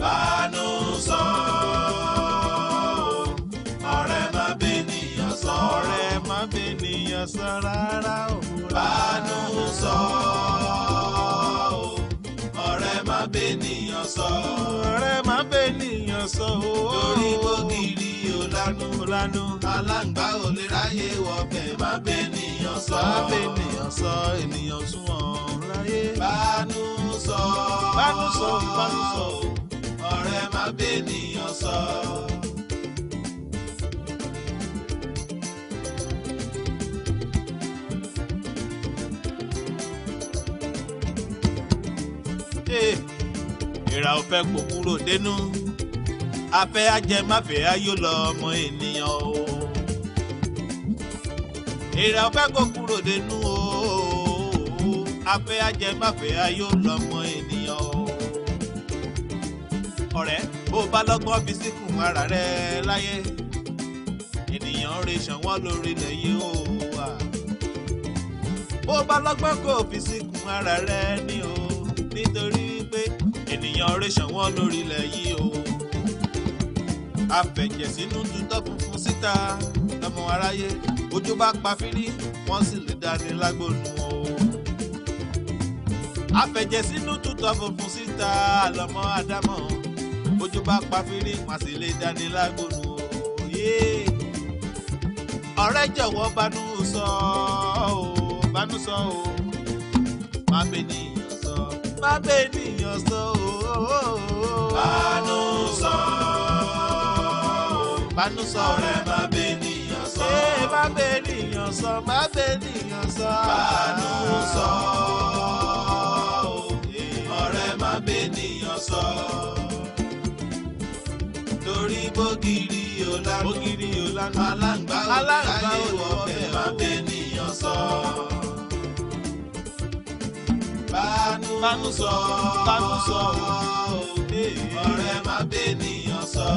Bánú sọ ọ̀rẹ́ má bènìyàn sọ ọ̀rẹ́ má bènìyàn sọ rárá o. Bánú sọ ọ̀rẹ́ má bènìyàn sọ ọ̀rẹ́ má bènìyàn sọ o. Torí bógiri ò lanu lanu sọ. Bábẹ́ ènìyàn sọ ènìyàn sunwọ̀n láyé. Bánú sọ. Bánú sọ bánú sọ. Ọ̀rẹ́ má bẹ́ ènìyàn sọ. ìrà ò fẹ́ kúrò dénú afẹ́ ajẹmáfẹ́ ayọ̀ ọmọ ènìyàn o èrè ọ̀fẹ́ kò kúrò dénú o afẹ́ ajẹmáfẹ́ ayó lọ́mọ ènìyàn o. ọ̀rẹ́ bó bá lọ́gbọ́n fi síkùn ara rẹ láyé ènìyàn rè ṣànwọ́ lórí lẹ́yìn o wà. bó bá lọ́gbọ́n kò fi síkùn ara rẹ ní o nítorí pé ènìyàn rè ṣànwọ́ lórí lẹ́yìn o. afẹ̀jẹ̀ sínú funfun síta lọ́mọ aráyé ojú bá pa fírí wọ́n sì lè dání lágbónú o. àfẹ̀jẹ̀ sínú tútọ́ funfun síta àlọ́mọ́ àdámọ̀ ojú bá pa fírí wọ́n sì lè dání lágbónú o. ọ̀rẹ́ jọ̀wọ́ banú sọ o banú sọ o má bẹ nìyàn sọ má bẹ nìyàn sọ o. banú sọ o banú sọ o. ọ̀rẹ́ bá má bènìyàn sọ má bènìyàn sọ. Bàánú sọ ọ̀rẹ́ má bènìyàn sọ. Torí bógiri òlànà bógiri òlànà aláǹgbá òláyé wọ̀fẹ́ má bènìyàn sọ. Bàánú sọ bàánú ọ̀rẹ́ má bènìyàn sọ.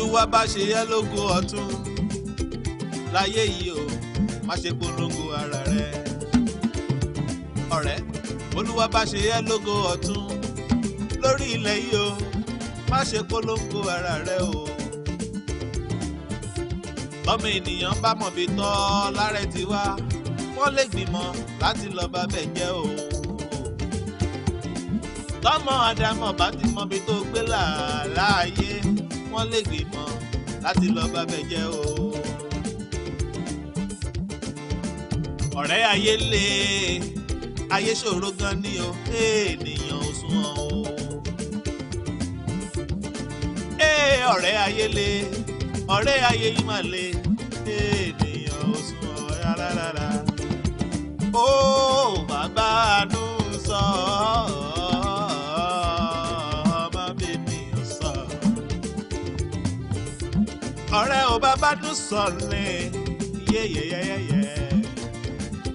bólúwa bá ṣe yẹ lógo ọ̀tún láyé yìí o má ṣe polongo ara rẹ ọ̀rẹ́ bólúwa bá ṣe yẹ lógo ọ̀tún lórí ilẹ̀ yìí o má ṣe polongo ara rẹ o ọmọ ènìyàn bá mọ̀ bí tọ́ lárẹ́ ti wá wọ́n lè gbìmọ̀ láti lọ bá bẹ̀ jẹ́ o. tọ́mọ àdámọ̀ bá ti mọ̀ bí tó gbé làálàá ayé wọ́n lè gbìmọ̀ láti lọ bá bẹ jẹ́ o. ọ̀rẹ́ ayé lé ayé ṣòro gan ni o ènìyàn ò sunwọ̀n o. ọ̀rẹ́ ayé lé ọ̀rẹ́ ayé yìí mà lé ènìyàn ò sunwọ̀n rárá rárá. ó bàbá àánú sọ ọ́. ọ̀rẹ́ ò bá bá dún sọ̀lẹ̀ yéyeyeyeye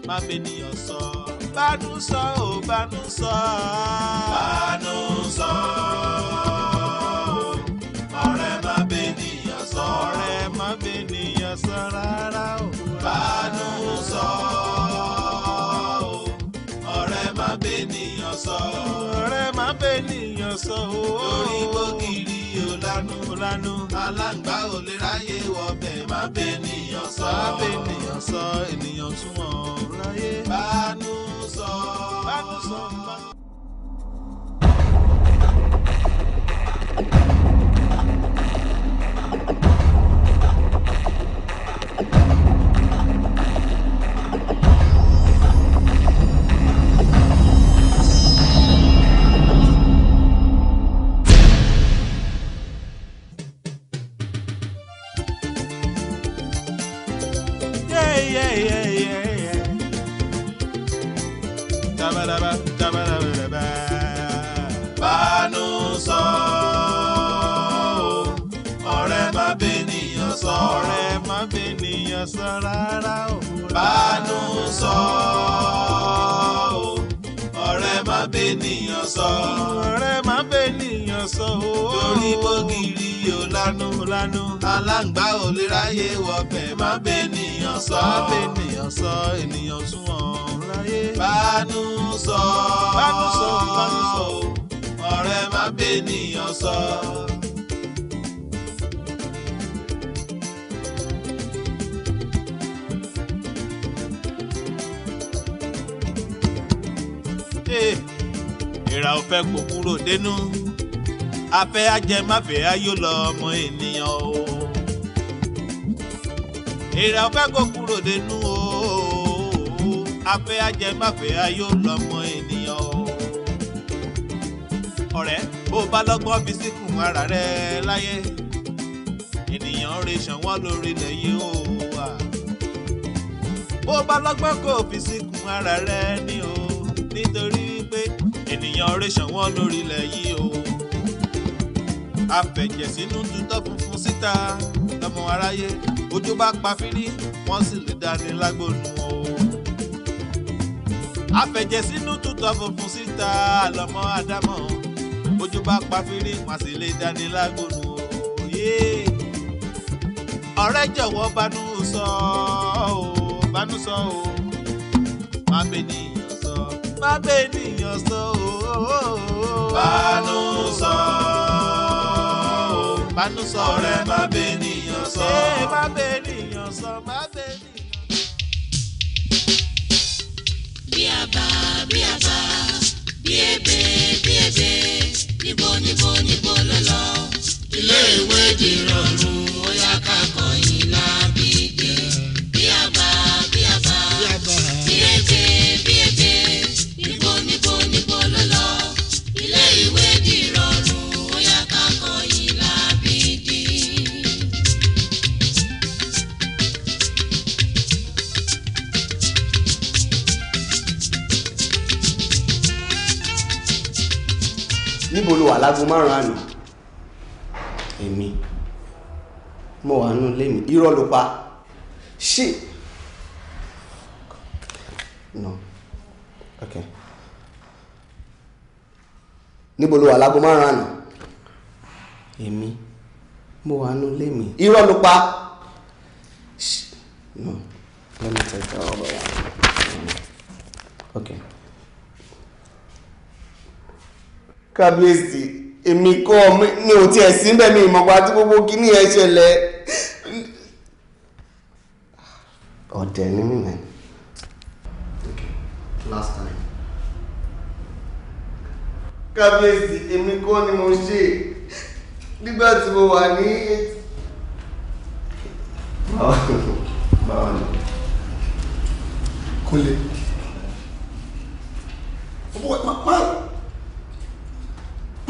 má bènìyàn sọ bá dún sọ ò bá dún sọ. bá dún sọ. lanu. aláǹgbá ò lè ráyè wọbẹ̀ má bẹ ènìyàn sọ. má bẹ ènìyàn sọ ènìyàn tún ráyè. bánú sọ. bánú sọ. Thank you. sọ. ìrà ò fẹ́ kó kúrò dénú afẹ́ ajẹmáfẹ́ ayó lọ ọmọ ènìyàn o. ìrà ò fẹ́ kó kúrò dénú o afẹ́ ajẹmáfẹ́ ayó lọ ọmọ ènìyàn o. ọ̀rẹ́ bó bá lọ́gbọ́n fi síkùn ara rẹ̀ láyé ènìyàn rè ṣàn wọ́n lórí lẹ́yìn o wà bó bá lọ́gbọ́n kò fi síkùn ara rẹ̀ ní o nítorí pé ènìyàn rè ṣàn wọ́n lórí lẹ́yìn o afẹ̀jẹ̀ sínú tutọ́ funfun síta lọ́mọ aráyé ojú bá pa fínní wọ́n sì lè dání lágbónú o. afẹ̀jẹ̀ sínú tutọ́ funfun síta lọ́mọ adámọ̀ ojú bá pa fírí wọn sì lè dání lágòlù òye. ọ̀rẹ́ jọ̀wọ́ banú sọ ọ́ banú sọ ọ́ má bẹ nìyàn sọ má bẹ nìyàn sọ ọ́. banú sọ ọ́ banú sọ ọ̀rẹ́ má bẹ nìyàn sọ. ẹ má bẹ nìyàn sọ má bẹ nìyàn. bí a bá bí a bá bí ebè bí ebè níbo níbo níbo ilé ìwé di wà lágo márùn-ún àná èmi mo wà nínú ilé mi irọ́ ló pa ṣé no okay níbo ló wà lágo márùn-ún àná èmi mo wà nínú ilé mi irọ́ ló pa ṣé no let me take that over okay. kábíyèsí èmi kọ́ mi ò tiẹ̀ sí bẹ́ẹ̀ mi ìmọ̀gbà tí gbogbo kíní ẹ ṣẹlẹ̀ ọ̀dẹ̀ ni mí mẹ́rin. okay last time. kábíyèsí èmi kọ́ ni mo ṣe nígbà tí mo wà ní. báwo ni. kúnlẹ̀. ọ̀pọ̀ máa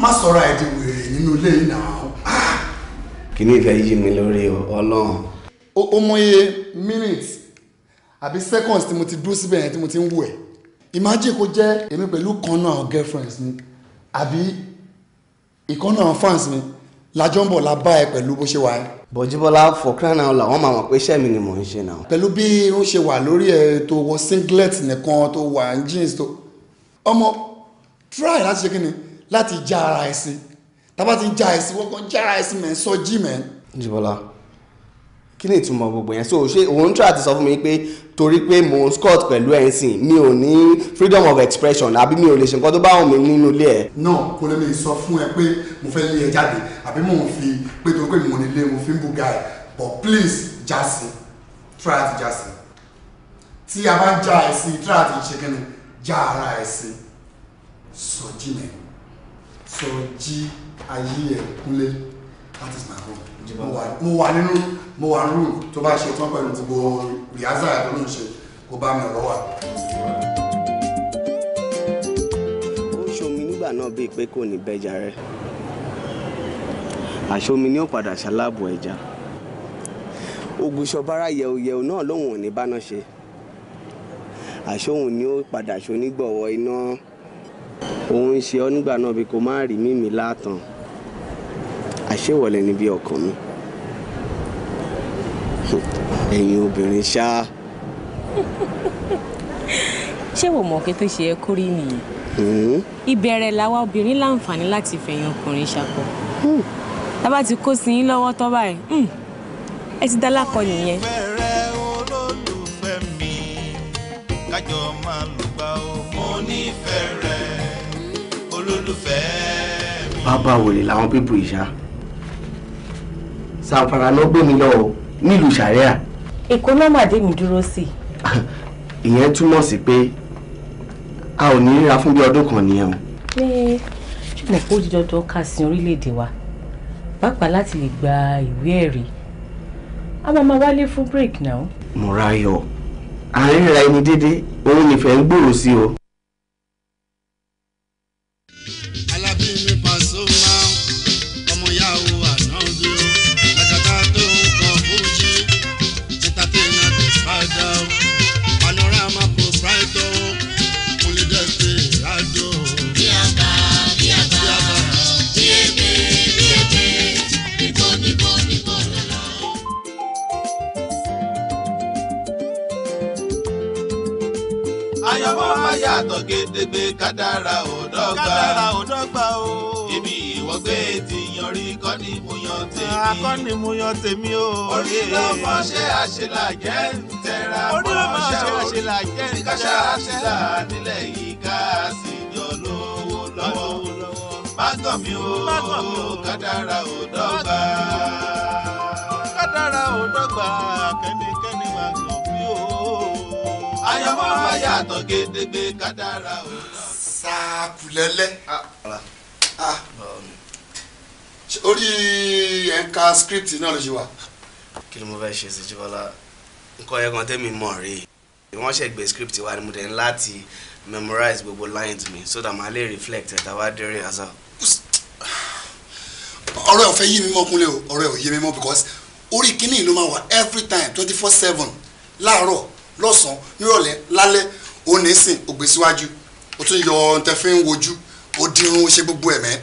má sọ̀rọ̀ ẹ̀ di wèrè nínú ilé yìí náà. Ah! kìíní ìfẹ́ yí mi lórí ọlọ́run. ó mọye minutes àbí seconds tí mo ti dúró síbẹ̀ yẹn tí mo ti ń wò ẹ̀ imagine kó jẹ́ èmi pẹ̀lú kan náà àwọn girlfriends mi àbí ìkan náà àwọn fans mi lájọ́ ń bọ̀ la bá ẹ pẹ̀lú bó ṣe wà ẹ́. bọ̀júbọ́lá for crying out loud wọ́n máa mọ̀ pé iṣẹ́ mi ni mò ń ṣe náà. pẹ̀lú bí ó ṣe wà lórí ẹ tó wọ singlet nìkan tó wà jeans tó ọmọ try láti ṣe kí ni láti já ara ẹ̀ sí tábà ti já ẹ̀ sí wọ́n kan já ara ẹ̀ sí mẹ́ sọ jí mẹ́. jìbọ́lá kí ni ìtumọ̀ gbogbo yẹn so ṣé òun try àti sọ fún mi pé torí pé mò ń scott pẹ̀lú ẹ̀ ń sìn mi ò ní freedom of expression àbí mi ò lè ṣe nǹkan tó bá wù mí nínú ilé ẹ̀. náà kò lè lè sọ fún ẹ pé mo fẹ́ lé ẹ jáde àbí mò ń fi pé torí pé mo nílé mo fi ń buga ẹ but please jásí try àti jásí tí a bá ń já ẹ sí try to ṣe kẹ́ni já ara ẹ sí sọ jí mẹ́rin. Sọjí Ayéẹkúnlé that is my role mo wà nínú mo wà rúù tó bá ṣe tán pẹ̀lú gbogbo rìhásà tó ló ń ṣe kó bá mi ọ̀rọ̀ wà. ó ń ṣomi nígbà náà bíi pé kò ní bẹ́jà rẹ̀ àṣomi ni ó padà ṣaláàbò ẹja ògùṣọ̀bára yẹ̀wòyẹ̀wò náà lòun ò ní báná ṣe àṣòhun ni ó padà ṣonígbọ̀wọ́ iná. No òun ń ṣe ọ nígbà náà bí kò má rí mímí láàtàn àṣewọlẹ ni bí ọkàn mi ẹ̀yin obìnrin ṣá. ṣé wò mọ̀ kí tó ṣe ẹ kórìí nìyẹn. Hmm? ìbẹ̀rẹ̀ làwa obìnrin láǹfààní láti fẹ̀yìn ọkùnrin ṣàpọ̀. Hmm. tábà ti kó sí yín lọ́wọ́ tọ́ báyìí hmm, ẹ ti dálákọ nìyẹn. fẹ́rẹ̀ olólùfẹ́ mi kájọ máa lùgbà ó. mo nífẹ̀ẹ́ rẹ olólùfẹ́ mi. bàbá wòlé làwọn pípò ìṣá sàǹfàrà ló gbé mi lọ o nílùú sàríà. èkó náà màdé mi dúró sí. ìyẹn túmọ̀ sí pé a ò ní ríra fún bí ọdún kan nìyẹn o. ṣé ṣùgbọ́n kó di dandan ká sin orílẹ̀-èdè wa pàápàá láti lè gba ìwé ẹ̀rí a máa máa wálé fún break náà. mo ra ayọ̀ àárín ra ẹni déédéé òun nìfẹ́ ń gbòòrò sí o. kádàrá ò dọ́gba. kádàrá ò dọ́gba o. ibi ìwọ gbé ti yanrí kọ́ ni mo yan tèmi. akọ́ ni mo yan tèmi o. orí ló mọ ṣe àṣelàjẹ́ ń tẹra mọ́ ṣá o. orí ló mọ ṣe àṣelàjẹ́ ń tẹra mọ́ ṣá o. nílẹ̀ yìí ká sì jọ lówó lọ́wọ́. má o kádàrá ò dọ́gba. kádàrá ò dọ́gba kẹ́nikẹ́ni má gàn mí o. ayọ̀mọ́ máa yàtọ̀ gédégbé kádàrá ò sàkùlẹ́lẹ́ ah, ah. ah. orí ẹ̀ka script náà ló ṣe wà. kí ni mo fẹ́ ṣe sí jíbọ́lá nǹkan ẹ̀kan tẹ́mi mọ̀ rèé wọ́n ṣe gbé script wa ni mo dẹ̀ ń láti memorize gbogbo lines mi so that màá lè reflect ẹ̀ táwa dẹ́rẹ́ àṣà. ọ̀rọ̀ ẹ̀ ò fẹ́ yí mi mọ́ kúnlẹ̀ o ọ̀rọ̀ ẹ̀ ò yé mi mọ́ because orí kínní ló máa wà every time twenty four seven láàárọ̀ lọ́sàn-án nírọ̀lẹ́ lálẹ́ òun ní sìn ògbésíwájú o tún yọ ntẹ́fín wojú o dirun ṣe gbogbo ẹ̀mẹ́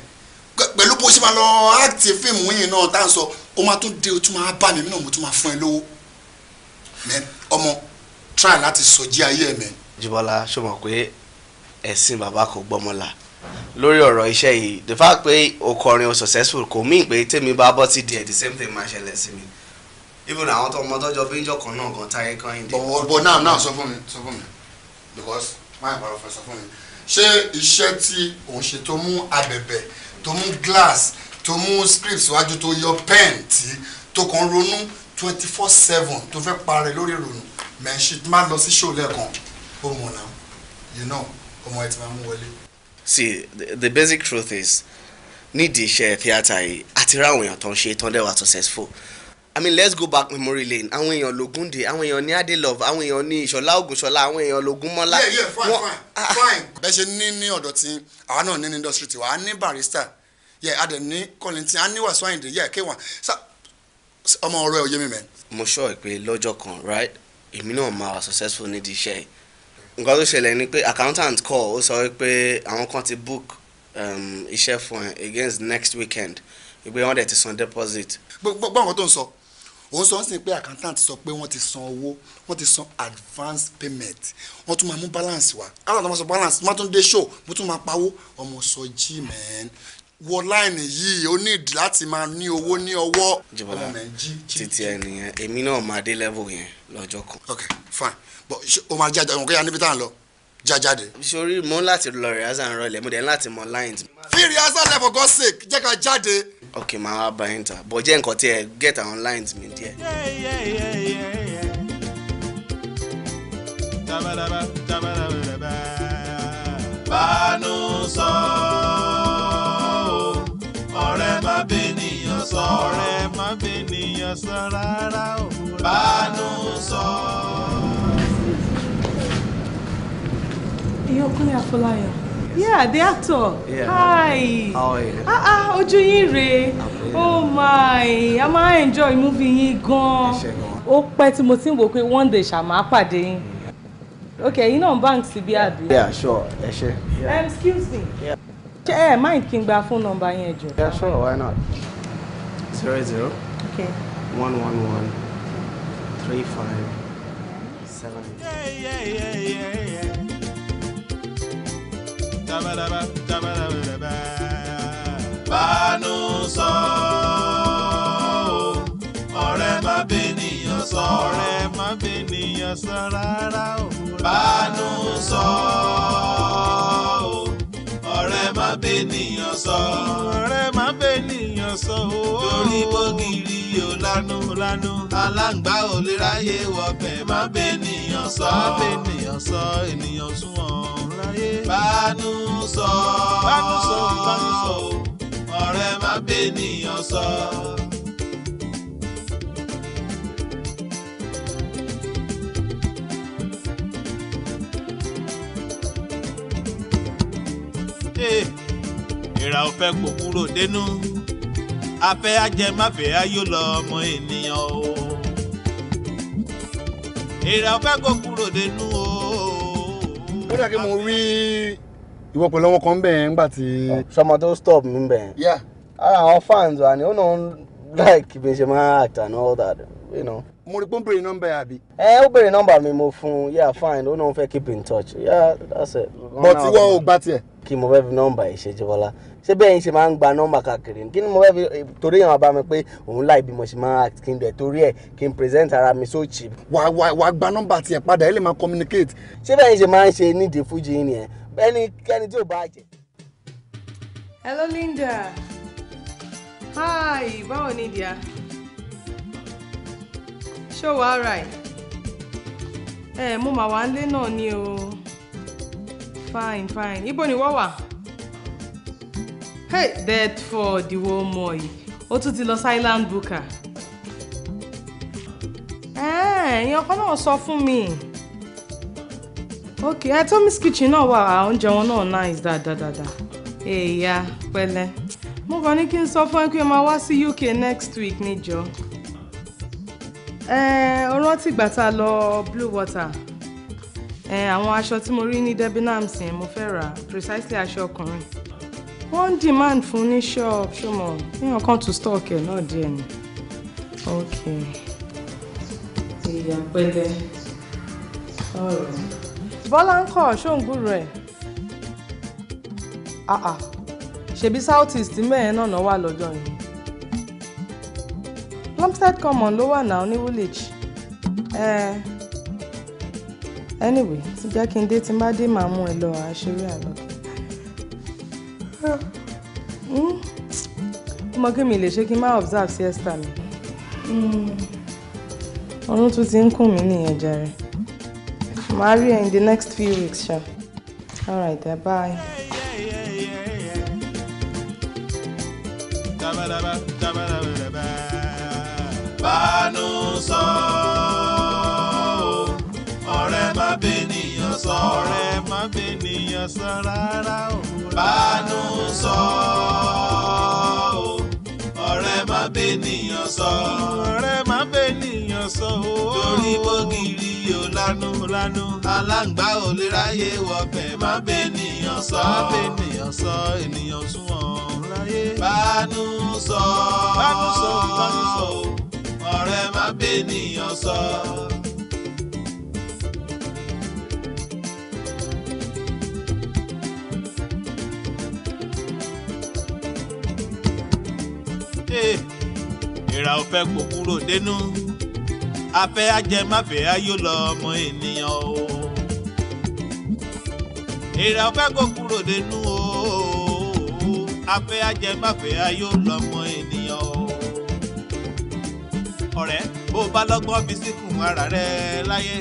pẹ̀lú bó ṣe máa lọ áàtì fíìmù yìí náà tá à ń sọ ó máa tún dé o tún máa bá mi náà mo tún máa fún ẹ lówó mẹ ọmọ try láti sọjí ayé ẹ mẹ. Jíbọ́lá ṣó mọ̀ pé ẹ̀sìn bàbá kò gbọ́mọ là lórí ọ̀rọ̀ iṣẹ́ yìí the fact pé o kọrin o successful kò mí pé tèmi bá bọ́ sí díẹ̀ the same thing máa ṣẹlẹ̀ sí mi even àwọn tó ọmọ tọjọ bí ń jọ kan náà gan táyé kan yìí. bọ̀wọ̀ bọ̀ náà náà sọ fún mi sọ fún mi because máa ń parọ́ fẹ́ sọ fún mi ṣé iṣẹ́ tí òun ṣe tó mú abẹ̀bẹ̀ tó mú glass tó mú scripts wájú tó yọ pen tí tó kàn ronú twenty four seven tó fẹ́ parẹ́ lórí ìrònú mẹ́ńṣí tó máa lọ sí ṣòó lẹ́ẹ̀kan ó mọ̀ náà you know ọmọ ẹ̀ ti máa mú wọlé. see the, the basic truth is nídìí iṣẹ́ theatre yìí àti ráwọn èèyàn tó ń ṣe tán dẹ́wà successful I mean let's go back memory lane àwọn èèyàn lògùndè àwọn èèyàn ní Adelove àwọn èèyàn ní Ìṣọ̀lá Ògùnṣọlá àwọn èèyàn lògùnmọ́lá. yeah yeah fine fine ah, ah. fine. bẹ́ẹ̀ ṣe ní ní ọ̀dọ̀ tí àwa náà ní ní industry tiwa a ní barrister yẹ a dẹ̀ ní Kollington a ní Wasiu Ayinde yẹ kéwà ọmọ ọ̀rọ̀ ẹ̀ òye mi mẹ́. mo sọ ẹ pé lọ́jọ́ kan right èmi náà máa wà successful nídìí iṣẹ́ yìí nǹkan tó ṣẹlẹ̀ ni pé accountant call ó sọ pé àwọn kan ti book um, iṣẹ́ fún against next weekend ìgbé wọn dẹ̀ ti san deposit. gbogbo àwọn tó ń sọ òun sọ ń sìn pé accountant sọ pé wọ́n ti san owó wọ́n ti san advance payment wọ́n tún máa mú balance wá àwọn àtàwọn sọ balance má tún dé show mo tún máa pawó ọmọ sọ jí mẹ́ẹ́n wọ láìní yìí ó ní ìdí láti máa ní owó ní ọwọ́. jìbọlá títí ẹ èmi náà máa dé level yẹn lọ́jọ́ kan. ok fine but o máa jáde òun kò yá níbi tá à ń lọ jájáde. sori mo ń láti lọ rìhásà ń rọlẹ̀ mo dẹ̀ ń láti mọ lines. fi rìhásà lẹ̀ for sake jẹ́ ká jáde. Okay, my wá enter. yín ta bọ̀ jẹ́ nǹkan tí ẹ get àwọn lines bánú sọ ọ̀rẹ́ má bènìyàn sọ ọ̀rẹ́ má bènìyàn sọ rárá o bánú sọ. ìyókùnrin àfọláyọ̀ yeah the actor yeah. hi how are you ah ah ojú yín rèé oh my a máa enjoy movie yín gan ó pẹ́ tí mo ti ń wò pé one day ṣàmà pàdé yín okay yín náà bank sí bí àbí. yeah sure ẹ ṣe. Um, excuse me ṣe ẹ máa kí n gba phone number yẹn jọ. yeah sure why not zero zero okay. one one one three five seven eight tabaraba tabaraba. bánú sọ ọ́ ọ̀rẹ́ má bènìyàn sọ. ọ̀rẹ́ má bènìyàn sọ rárá o. bánú sọ ọ́ má bènìyàn sọ. ọ̀rẹ́ ènìyàn sọ o. Oh. torí bógiri ò lanu lanu. aláǹgbá ò lè ráyè wọbẹ̀ má bẹ́nìyàn sọ. má bẹ́nìyàn sọ ènìyàn sún ọ̀run ráyè. bánú sọ bánú sọ bánú sọ o. ọ̀rẹ́ má bẹ́nìyàn sọ. Hey ìrà ò fẹ́ kó kúrò dénú afẹ́ ajẹmáfẹ́ ayó lọ ọmọ ènìyàn o ìrà ò fẹ́ kó kúrò dénú o. ó dàgé mo rí ìwọ pẹ̀lú ọmọ kan bẹ́ẹ̀ ńgbà tí. sọmọ ah, tó stop mi bẹ́ẹ̀. ara ah, àwọn fans wa ni ó náà like bí n ṣe máa act and all that you know mo rí pé ó ń béèrè nọ́mbà yà bí. ẹ ó béèrè nọ́mbà mi mo fún un yeah fine ó náà fẹ́ keep in touch yeah that's it. bọ́ tí wọ́n ò gbá tiẹ̀. kí mo fẹ́ fi nọ́mbà yìí ṣe jọbọlá ṣé bẹ́ẹ̀ yín ṣe máa ń gba nọ́mbà káàkiri kí ni mo fẹ́ fi torí yàn bá mi pé òun láì bí mo ṣe máa act kí n dẹ̀ torí ẹ̀ kí n present ara mi so cheap. wà wà wà gba nọ́mbà tiẹ̀ padà ẹ lè máa communicate. ṣé bẹ́ẹ̀ yín ṣe máa ń ṣe nídìí fújì yín nìyẹn ẹnikẹ́ni tí ò bá jẹ. hello Linda hi báwo ni dia ṣó wà á ra ẹ̀ ẹ mo mà wá nílé náà ni o fine fine ibo ni wọ́n wà hey Bedford ìwọ ọmọ yìí ó tún ti lọ silent booker ẹ̀yin ọkọ náà sọ fún mi ok ẹ Miss kitchen náà wà oúnjẹ wọn náà nice dáadáa èèyà pẹ̀lẹ́ mo kàn ní kí n sọ fún ẹ pé o máa wá sí UK next week níjọ. Eh, ó rántí ìgbà tá a lọ Blue Water eh, àwọn aṣọ tí mo rí ní Debenhams yẹn mo fẹ́ ra precisely aṣọ ọkùnrin wọ́n ń demand fún ní shop ṣọmọ níyàn kan tún stock ẹ̀ náà díẹ̀ ni. ok ìyá pẹ̀lẹ́ ọ̀rọ̀ bọ́lá ń kọ̀ ṣóǹgùrù ẹ̀ ah, ah. ṣebí south east mẹ́ẹ̀ẹ́ náà náà wà lọ́jọ́ yìí. Plumstead Common ló wà náà ní Woolwich uh, anyway ti jẹ́ kí n dé tí n bá dé màá mú ẹ lọ àṣírí àlọ́kẹ́ ọmọ kí mi lè ṣe kí n má observe siesta mi hmm. ọdún tún ti ń kùn mí nìyẹn jàre màá rí ẹ in the next few weeks ṣá all right there bye. Dabadaba, dabadaba, dabadaba fanu sọ ọ̀rẹ́ má bènìyàn sọ ọ̀rẹ́ má bènìyàn sọ rárá o. fanu sọ ọ̀rẹ́ má bènìyàn sọ ọ̀rẹ́ má bènìyàn sọ o. torí bógiri yóò lanu lanu aláǹgbá ò lè ráyè wọbẹ̀ má bènìyàn sọ má bènìyàn sọ ènìyàn sún ọ ráyè. sọ fanu sọ fanu sọ o ọ̀rẹ́ má bènìyàn sọ. Eh, ìrà ò fẹ́ kó kúrò dénú afẹ́ ajẹmáfẹ́ ayó lọ ọmọ ènìyàn o. ìrà ò fẹ́ kó kúrò dénú o afẹ́ ajẹmáfẹ́ ayó lọ ọmọ ènìyàn o ọ̀rẹ́ bó bá lọ́gbọ́n fi síkùn ara rẹ láyé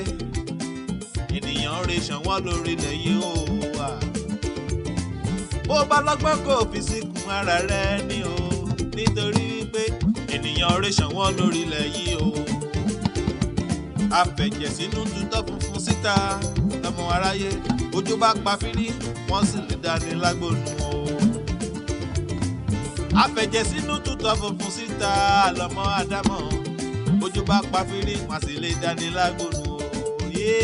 ènìyàn rè ṣànwọ́ lórí lẹ́yìn ó wà bó bá lọ́gbọ́n kò fi síkùn ara rẹ ní o nítorí pé ènìyàn rè ṣànwọ́ lórí lẹ́yìn ó afẹ̀jẹ̀ sínú tutọ́ funfun síta lọ́mọ aráyé ojú bá pa fírí wọ́n sì lè dání lágbónú o afẹ̀jẹ̀ sínú tutọ́ funfun síta lọ́mọ adámọ̀ ojú bá pa fírí wọn sì lè dání lágbónú òye.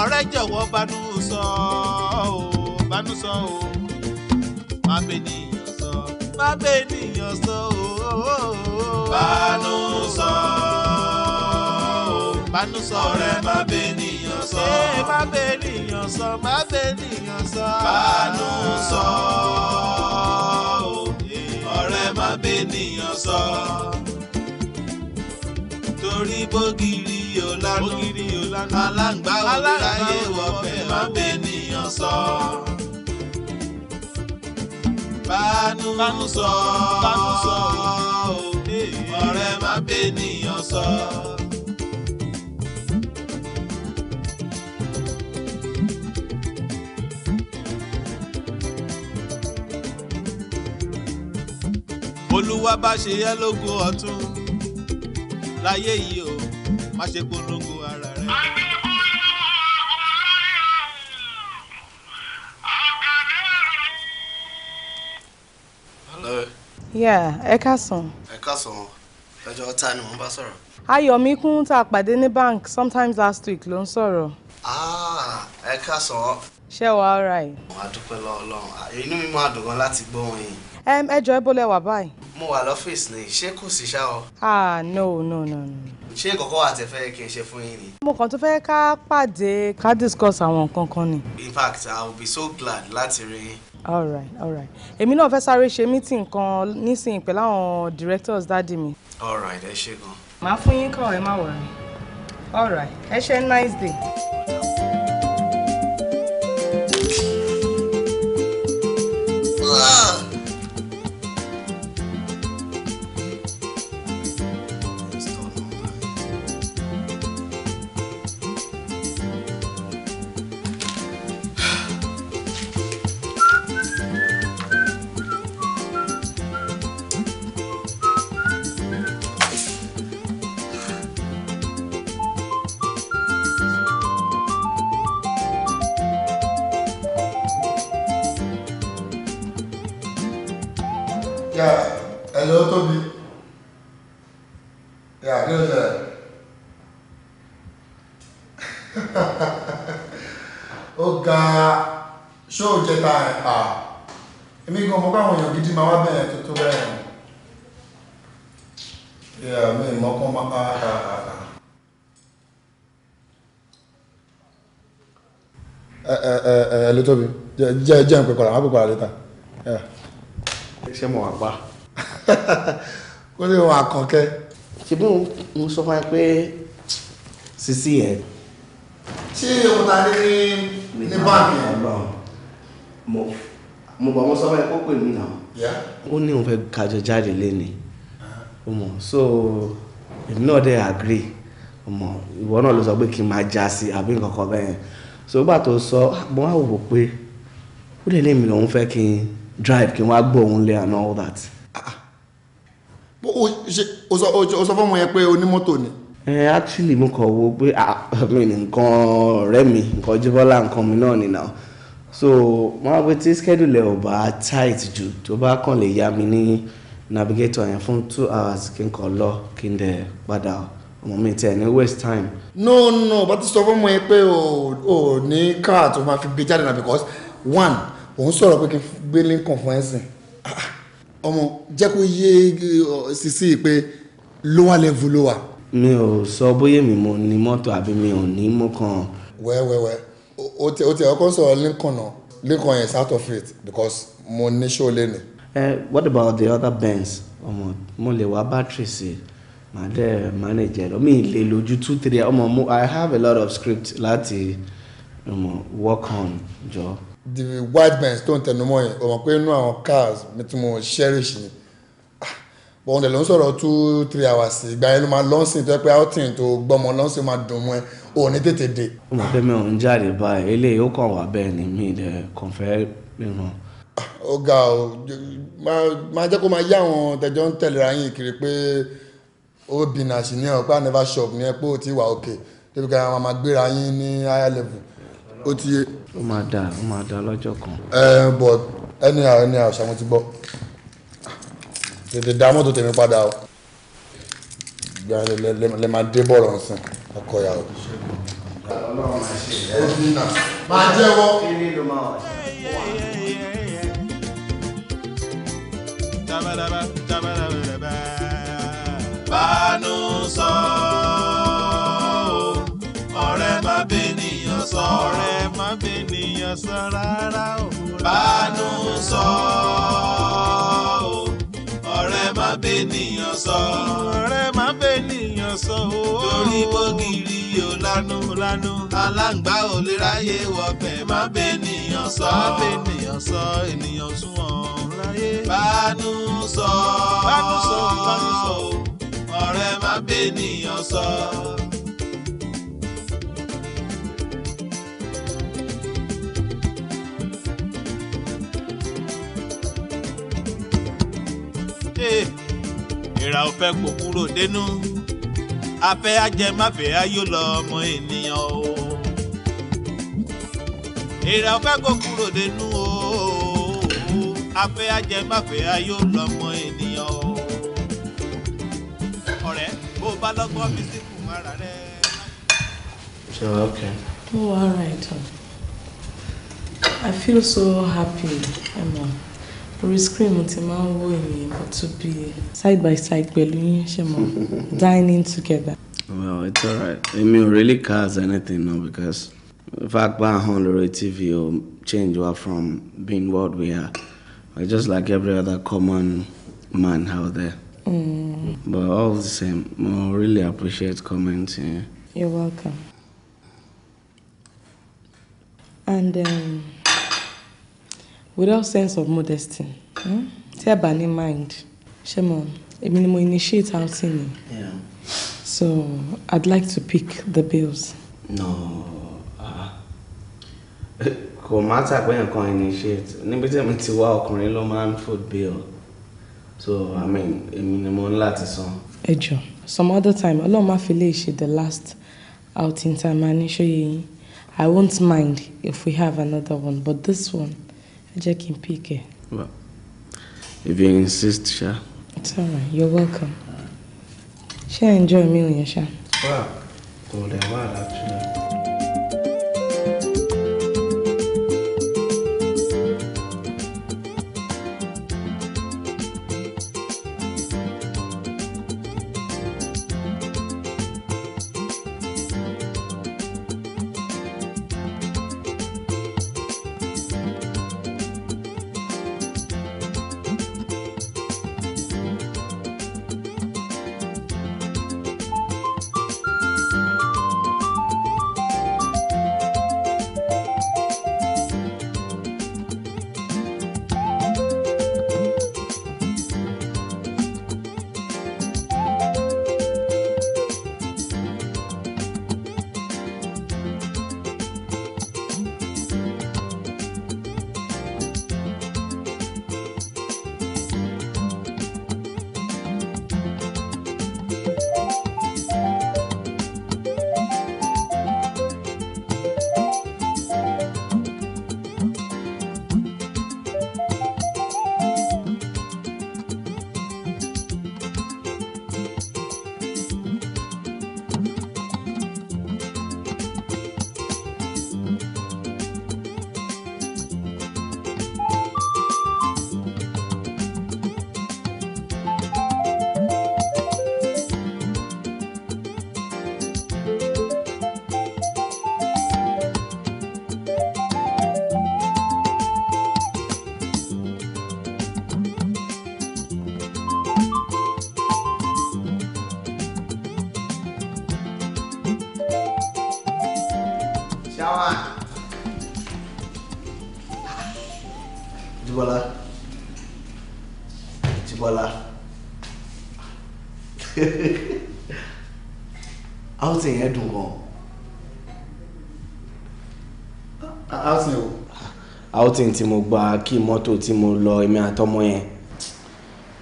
ọ̀rẹ́ jọ̀wọ́ bánú sọ ọ́ bánú sọ ọ́ má bẹ́ẹ̀ nìyẹn sọ má bẹ́ẹ̀ nìyẹn sọ ọ́. bánú sọ bánú sọ ọ̀rẹ́ má bẹ́ẹ̀ nìyẹn sọ. ee má bẹ́ẹ̀ nìyẹn sọ má bẹ́ẹ̀ nìyẹn sọ. bánú sọ ọ̀rẹ́ má bẹ́ẹ̀ nìyẹn sọ torí bógiri òlànà aláǹgbá òbíráyé wọ̀fẹ́ ọbẹ̀ nìyàn sọ. Bánú sọ ọ̀rẹ́ má bẹ nìyàn sọ. Olúwa bá ṣe yẹ lógún ọ̀tún láyé yìí o má ṣe polongo ara rẹ. yà ẹ kásán. ẹ kásán ọjọ́ ta ni mo bá sọ̀rọ̀. ayọ̀míkún tá a pàdé ní bank sometimes last week ló ń sọ̀rọ̀. Ah, ẹ kásán. ṣé wàá ra ẹ̀. mo á dúpẹ́ lọ́wọ́ Ọlọ́run inú mi máa dùn gan láti gbọ́ yìí ẹ jọ ẹ bó wà báyìí. mo wà lọ́fíìsì ni ṣé kò sí ṣá o. ah no no no. ṣé kọ̀kọ́ wà tẹ fẹ́ kí n ṣe fún yín ni. mo kàn tún fẹ́ ká pàdé ká discuss àwọn nǹkan kan ni. in fact i will be so glad láti rí yín. all right all right èmi náà fẹ́ sáré ṣe meeting kan nísìnyí pẹ̀lú àwọn directors dáàdì mi. all right ẹ ṣé gan. màá fún yín kọ́ ẹ má wọrí. all right ẹ ṣe nice day. yà ẹ̀yọ́ tóbi yà kí ló ṣe ó ga ṣóò jẹta ẹ̀ pa èmi gan mọ́ báwọn èèyàn gidi máa wá bẹ̀rẹ̀ tó tó bẹ̀rẹ̀ yà mí mọ́kàn máa ká ká ká. ẹ ẹ ẹ ló tóbi jẹ́ jẹ́ ń pè padà wọ́n á pè padà lẹ́ta ṣé mo wà pa kó lè wọn àkànkẹ́. ṣebí mo sọ fún ẹ pé sisi yẹn. ṣé o ta ní ní báńkì yẹn. mo mo bọ̀ mo sọ fún ẹ kó pè mí náà. ó ní òun fẹ́ kájọ jáde lẹ́ni o mọ̀ so èmi náà dẹ̀ agree o mọ̀ ìwọ náà ló sọ pé kí n máa já sí àbí nǹkan kan bẹ́ẹ̀ so gbà tó sọ mo wá wò pé ó lè lè mi lòun fẹ́ kí n drive kí wọ́n á gbọ́ òun lé and all that. Ah, ah. o sọ fọ́mọ yẹn pé onímọ́tò ni. ẹ actually mo kàn wo pé ah, nǹkan ọ̀rẹ́ mi nǹkan jíbọ́lá nǹkan mi náà nìyà so mo á pé tí schedule ẹ̀ ò bá tight ju. tó bá kàn lè yá mi ní navigator yẹn fún two hours kí n kàn lọ kí n dẹ̀ padà ọmọ mi tẹ̀ ní waste time. no no bá ti sọ fọ́mọ yẹn pé o ò ní káà tó máa fi gbé jáde náà because one òun sọ̀rọ̀ pé kí n gbé lincoln fún ẹ̀sìn ah, ọmọ jẹ́ kó yé eh, sisi pé lower level ló wà. mi ò sọ bóyá mi mo ní mọ́tò àbí mi ò ní mú kan. wẹ́wẹ́wẹ́ o tẹ o tẹ ọkọ sọ̀rọ̀ lincoln náà lincoln yẹn is out of it because mo ní ṣó lé ni. Eh, what about the other bands ọmọ mo lè wá bátìrì sí i màá manager lọ mi lè lójú two three ọmọ i have a lot of script láti um, work on jọ the white men tó ń tẹnumọ́ yẹn ọmọ pé inú àwọn cars mi tí mo cherish ni ah, bọ́n dẹ̀ ló ń sọ̀rọ̀ two three hours ìgbà yẹn ló máa lọ́nsìn tó yẹ pé outing tó gbọ́mọ lọ́nsìn máa dùn mọ́ ẹ o ní tètè dé. ó mọ̀ pé mi ò ń jáde báyìí eléyìí ó kàn wá bẹ́ẹ̀ ni mi ìdẹ̀ kàn fẹ́ ràn. Ah, ó ga ọ máa jẹ́ kó máa yá àwọn tẹjọ́ ń tẹ̀lé ra yín kiri pé ó bìnnà sí ní ọ̀pá never shop ní ẹ pé ó ti wà òkè débi ká máa gbéra yín ní higher level ó ti yé. ó máa dà ó máa dà lọ́jọ́ kan. ẹ ẹ bọ ẹni àwọn ẹni àwọn ṣàmùtí gbọ́ tètè dá mọ́tò tèmi padà o lè máa dé bọ́ọ̀lù ọ̀sìn akọ̀yàwó. máa jẹ́wọ́. bánú sọ. sọ. ọ̀rẹ́ má bènìyàn sọ rárá o. bánú sọ o. ọ̀rẹ́ má bènìyàn sọ. ọ̀rẹ́ má bènìyàn sọ o. torí bógiri yóò lánú lánú. aláǹgbá ò lè ráyè wọ̀bẹ̀ má bènìyàn sọ. má bènìyàn sọ ènìyàn sún ọ̀run láyé. bánú sọ. bánú sọ bánú sọ o. ọ̀rẹ́ má bènìyàn sọ. dé ìrà ò fẹ́ kúrò dénú afẹ́ ajẹmáfẹ́ ayó lọ ọmọ ènìyàn o ìrà ò fẹ́ kúrò dénú o afẹ́ ajẹmáfẹ́ ayó lọ ọmọ ènìyàn o ọ̀rẹ́ bó bá lọ́gbọ́n mi sí kùn ara rẹ. ṣe wà ok. I feel so happy, Emma orí screen mo ti máa ń wo ènìyàn kan tó bí side by side pẹ̀lú yín ṣe mọ̀ dining together. well it's alright èmi ò really cares anything now because if I pa hàn lórí tv o change wa from being what we are we're just like every other common man out there. Mm. but all the same mo really appreciate commenting. you're welcome. and. Um, without sense of modesty hmm? tí ẹ bá ní mind ṣé mo èmi ni mo initiate outing ni so I'd like to pick the bills. no ah. kò má tàgbé nǹkan initiate níbi tí èmi ti wá ọkùnrin ló máa ń food bill so I mean èmi ni mo ń láti san. ẹ jọ some other time ọlọ́run má fi lè ṣe the last outing time a ní I won't mind if we have another one but this one jẹ́ kí n pick ẹ. well if you insist Sha. it's alright you're welcome. Sha ẹ enjoy meal yẹn Sha. wà kò lè wà látúnyẹ. sè yẹn dùn gan. outing o. outing tí mo gba kí mọ́tò tí mo lọ èmi àtọmọ yẹn.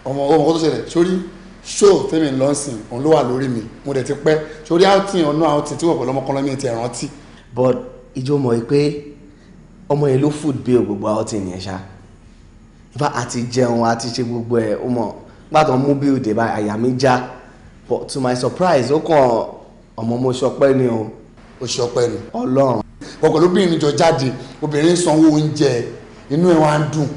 ọmọ ọmọ kó tó ṣẹlẹ̀ sórí show tẹ́mi lọ́sìn òun ló wà lórí mi mo dẹ̀ ti pẹ́ sórí outing ọ̀nà outing tí wọ́n pẹ̀lú ọmọkànlá mi ti rántí. but ìjọ mọ̀ ẹ́ pé ọmọ yẹn ló food bill gbogbo outing yẹn ṣá ìfà àti jẹun àti ṣe gbogbo ẹ̀ ó mọ̀ gbàtàn mú bill dé báyìí àyà mi já but to my surprise ó kàn ọmọ mo ṣọpẹ́ ni o o ṣọpẹ́ ni Ọlọ́run kọkọ lóbìnrin jọ jáde obìnrin sanwó oúnjẹ inú ẹ wá ń dùn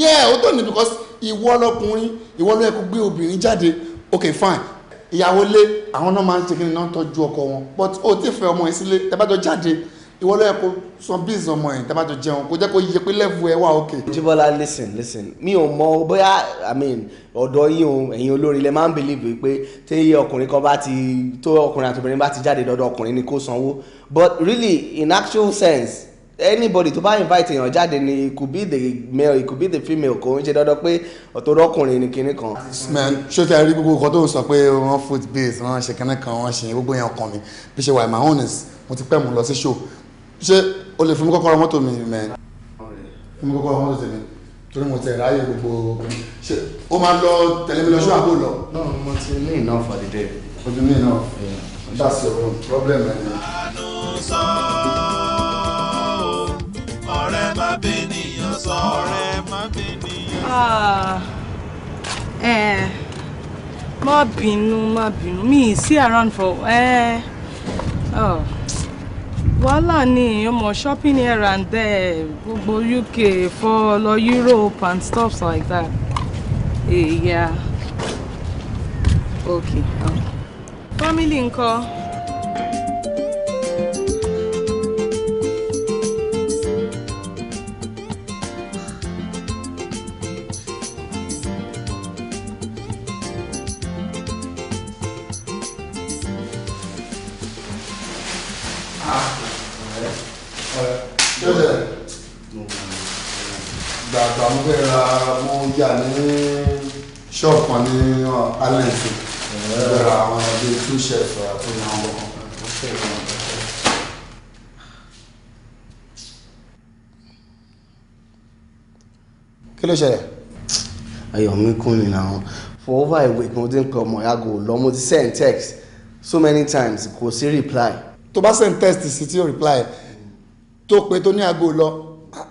yẹ ó tó ní because ìwọ lọkùnrin ìwọ ló yẹ kó gbé obìnrin jáde ok fine ìyàwó lé àwọn náà máa ń ṣe kí ni náà tọ́jú ọkọ wọn but ó ti fẹ́ ọmọ ẹ sílé tẹ́ bá jọ jáde ìwọlọ́ ẹ̀ kó san bíi ìsọmọ ẹ̀ tábàtò jẹun kó jẹ́ kó yẹ pé lẹ́fù ẹ̀ wà òkè. jíbọ́lá listen listen mi ò mọ bóyá i mean ọ̀dọ̀ yín o ẹ̀yin olórin lẹ máa ń believe pé tí ọkùnrin kan bá ti tó ọkùnrin àti obìnrin bá ti jáde dọ́dọ̀ ọkùnrin ni kó sanwó but really in actual sense anybody tó bá invite èèyàn jáde ni it could be the male it could be the female kò ń ṣe dandan pé ọ̀tọ̀rọ̀ ọkùnrin ni kinní kan. man ṣé kí a rí gbogbo nǹkan tó ń sọ pé wọ́n foot base wọ́n ṣe kinní kan wọ́n ṣe gbogbo yẹn ọkàn mi bí ṣe wà my own is mo ti pẹ́ mo lọ sí show ṣé o lè fún mi kọ́kọ́rọ́ mọ́tò mi mẹ́ fún mi kọ́kọ́rọ́ mọ́tò tèmi torí mo tẹ̀ ráyè gbogbo ṣe ó máa lọ tẹ̀lé mi àbò lọ. mo ti ní iná for the day. o ti ní iná that's your own problem ẹ̀ eh? ni. ọ̀rẹ́ má bènìyàn sọ ọ̀rẹ́ má bènìyàn sọ ah, eh, má bínú má bínú mi sí around for ẹ eh, Oh wàhálà ni èèyàn mọ̀ shopping here and there gbogbo UK for lọ Europe and stuff like that èèyàn eh, yeah. okay. Um. family ńkọ́. jà ní ṣọ́ọ̀bù kan ní alẹ́ǹsì bẹ̀rẹ̀ àwọn ẹbí tú ṣẹ̀fẹ̀ àti àwọn ọkọ̀ kí ló ṣẹlẹ̀. ayọ̀ mi kún ni na wọn for over a week mo ti ń pe ọmọ ìyá gò lọ mo ti send text so many times kò sí reply. tó bá send text sí tí o reply tó pé tó ní aago lọ ah,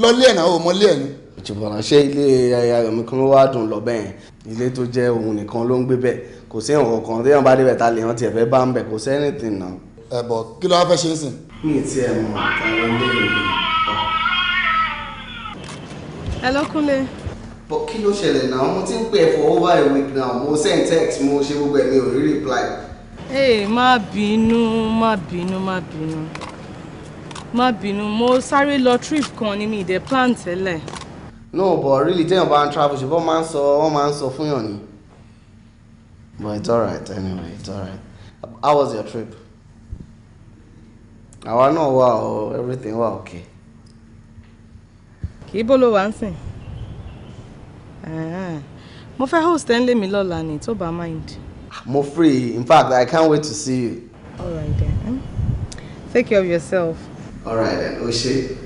lọ lé ẹ̀ náà o mọ lé ẹ̀ ni ìtìbọ̀ránṣẹ́ ilé ẹ̀yà rẹ̀mí kan wá dùn lọ bẹ́ẹ̀ ilé tó jẹ́ òun nìkan ló ń gbé bẹ́ẹ̀ kò sí nǹkan kan téèyàn bá débẹ̀ ta lè hàn tiẹ̀ bá ń bẹ̀ kò sí anything náà. ẹ kí ló wá fẹ́ ṣe é sìn. mi ì tiẹ̀ mọ̀ àtàwọn ilé ìlú. ẹ lọ́kúnlẹ̀. bọ kí ló ṣẹlẹ̀ náà mo ti ń pè é for over a week now mo send text mo ṣe gbogbo ẹ̀ mi ò rí reply. ee má bínú má bínú má bínú má bínú mo sáré lọ trip kan ní mi ì dé plan tẹ́lẹ̀ no but really téèyàn bá ń travel She bought máa ń sọ wọ́n máa ń sọ but it's all right anyway it's all right. how was your trip àwa náà know. Wow, everything was okay. kì í bó ló wà ń sìn mo fẹ́ host ẹ̀ ń lé mi lọ́la ni tó bá mind. Ah, mo free in fact i can't wait to see you. All right then take care of yourself. All right then o ṣe.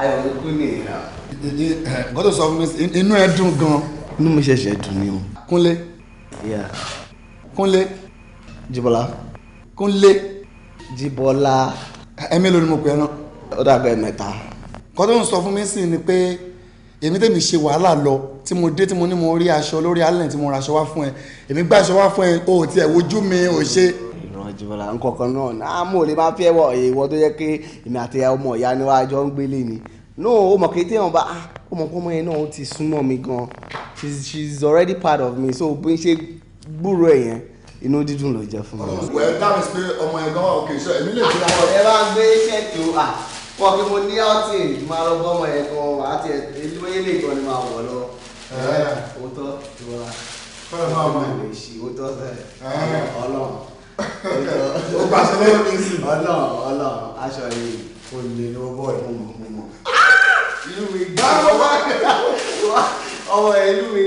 ayọ̀lẹ́kú nìyẹn. gbọ́dọ̀ sọ fún mi inú ẹ dùn gan-an. inú mi ṣẹ̀ṣẹ̀ dùn ni o. kúnlé. kúnlé. jíbọ́lá. kúnlé. jíbọ́lá. Eh, ẹ̀mí ló ni mo pè é náà. ó dàgbẹ́ mẹ́ta. kọ́dọ̀ ń sọ fún mi sí ni pé èmi tèmi ṣe wàhálà lọ tí mo dé tí mo ní mo rí aṣọ lórí allen tí mo ra aṣọ wá fún ẹ èmi gbá aṣọ wá fún ẹ o ò tiẹ̀ wojú mi ò ṣe àjùmọ̀lá nkankan náà náà ah, mo lè máa fi ẹwọ ìwọ tó yẹ pé èmi àti ọmọ ìyá ni ń gbélé ni no o mọ̀ kété wọn bá ah mọ̀ pé yẹn náà ó ti súnmọ́ mi gan she's she's already part of me so bí n ṣe gbúrò ẹ̀ yẹn inú dídùn ló jẹ́ fún mi. wẹ́ẹ́ dáhùn sí pé ọmọ yẹn gan òkè sọ èmi lè fi àwọn. ẹ bá gbé ṣẹ́ẹ̀kì o à fọ kí mo ní ọtí máa lọ bọ́ yẹn gan àti ẹ̀ ẹ ọlọ́run o pàṣẹ lẹ́yìn mi sí. Ọlọ́run Ọlọ́run aṣọ yìí kò lè lọ bọ ẹ mọ mọ mọ. inú mi gbà ọmọ inú mi.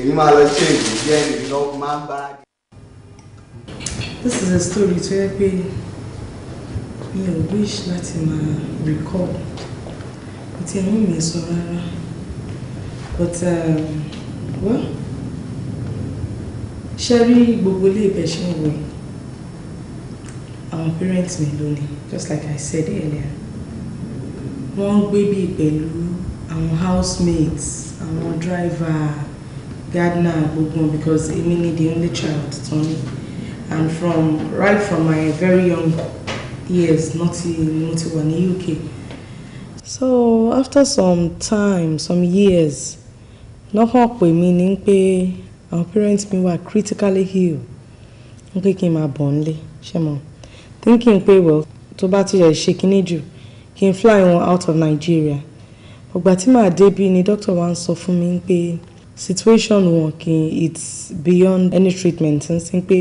èmi máa lọ ṣe èyí jẹ́ èmi lọ máa ń bára. this is a story tó yẹ pé mi ò wish láti máa recall kò tí ẹ mú mi sọ rárá but um, well ṣe rí gbogbo ilé ibẹ̀ ṣe ń wò yìí àwọn parents mi ló ní just like I said earlier wọ́n ń gbé bíi pẹ̀lú àwọn housemates àwọn driver gardener gbogbo because èmi ni the only child tó and from right from my very young years mo ti mo ti wà ní UK. so after some time some years lọ́kàn pè mí ní pé Our parents mi wà critically ill n pé kí n máa bọ̀ nílé mo thinking pé well to bá ti rẹ̀ ṣe kíní jù kí fly wọn out of Nigeria ọgbà tí màá débí ni doctor wa ń sọ fún mi pé situation wọn kì í it's beyond any treatment ń sin pé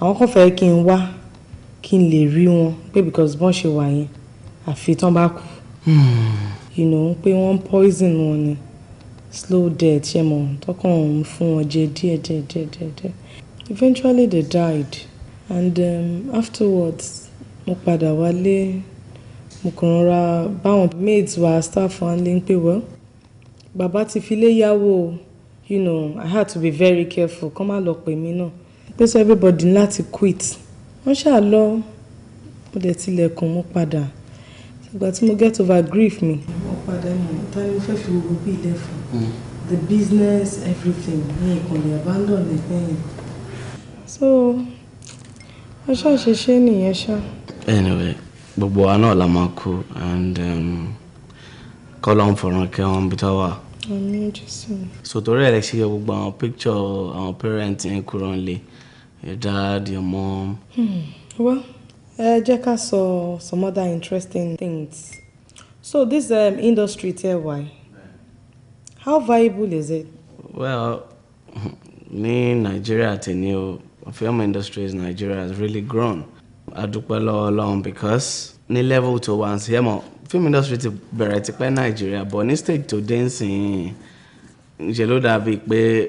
àwọn kan fẹ́ kí n wá kí n lè rí wọn pé because bọ́n ṣe wà yẹn àfi tán bá kú hmm. you know pé wọ́n poison wọn ni slow death ṣe mọ̀ tọkàn ń fún wọn jẹ díẹ̀ díẹ̀ eventually they died and um, afterwards mo padà wálé mo kàn ra báwọn maids wa staff wa lé ń pè wọ́ bàbá ti fi lé you know I had to be very careful Come má lọ pè mí náà so everybody ní láti quit wọ́n ṣáà lọ mo dẹ̀ tilẹ̀kùn mo padà ìgbà mo get over grief mi. mo padà mọ̀ táyọ̀ fẹ́ fi gbogbo bí ilẹ̀ fún the business everything ní ìkànnì abandon ẹgbẹ́yìn. so wọ́n ṣàṣeṣe nìyẹn ṣá. anyway gbogbo wa náà la máa kú and um, kọ́lọ́n fọ̀ràn kẹ́ wọn bí tá wà. àmín jésù. sòtòrí ẹ̀ ṣe gbogbo àwọn picture àwọn parents yẹn kúrò your dad your mom. Hmm. well ẹ jẹ́ ká some other interesting things so this um, industry tell why how viable is it? well ní Nigeria tèmi o film industries Nigeria has really grown adúpẹ́ lọ́wọ́ Ọlọ́run because ní level tó wà sí ẹ̀ film industry ti bẹ̀rẹ̀ tipẹ́ Nigeria but ní stage tó dé nsìn ṣe ló dàbí pé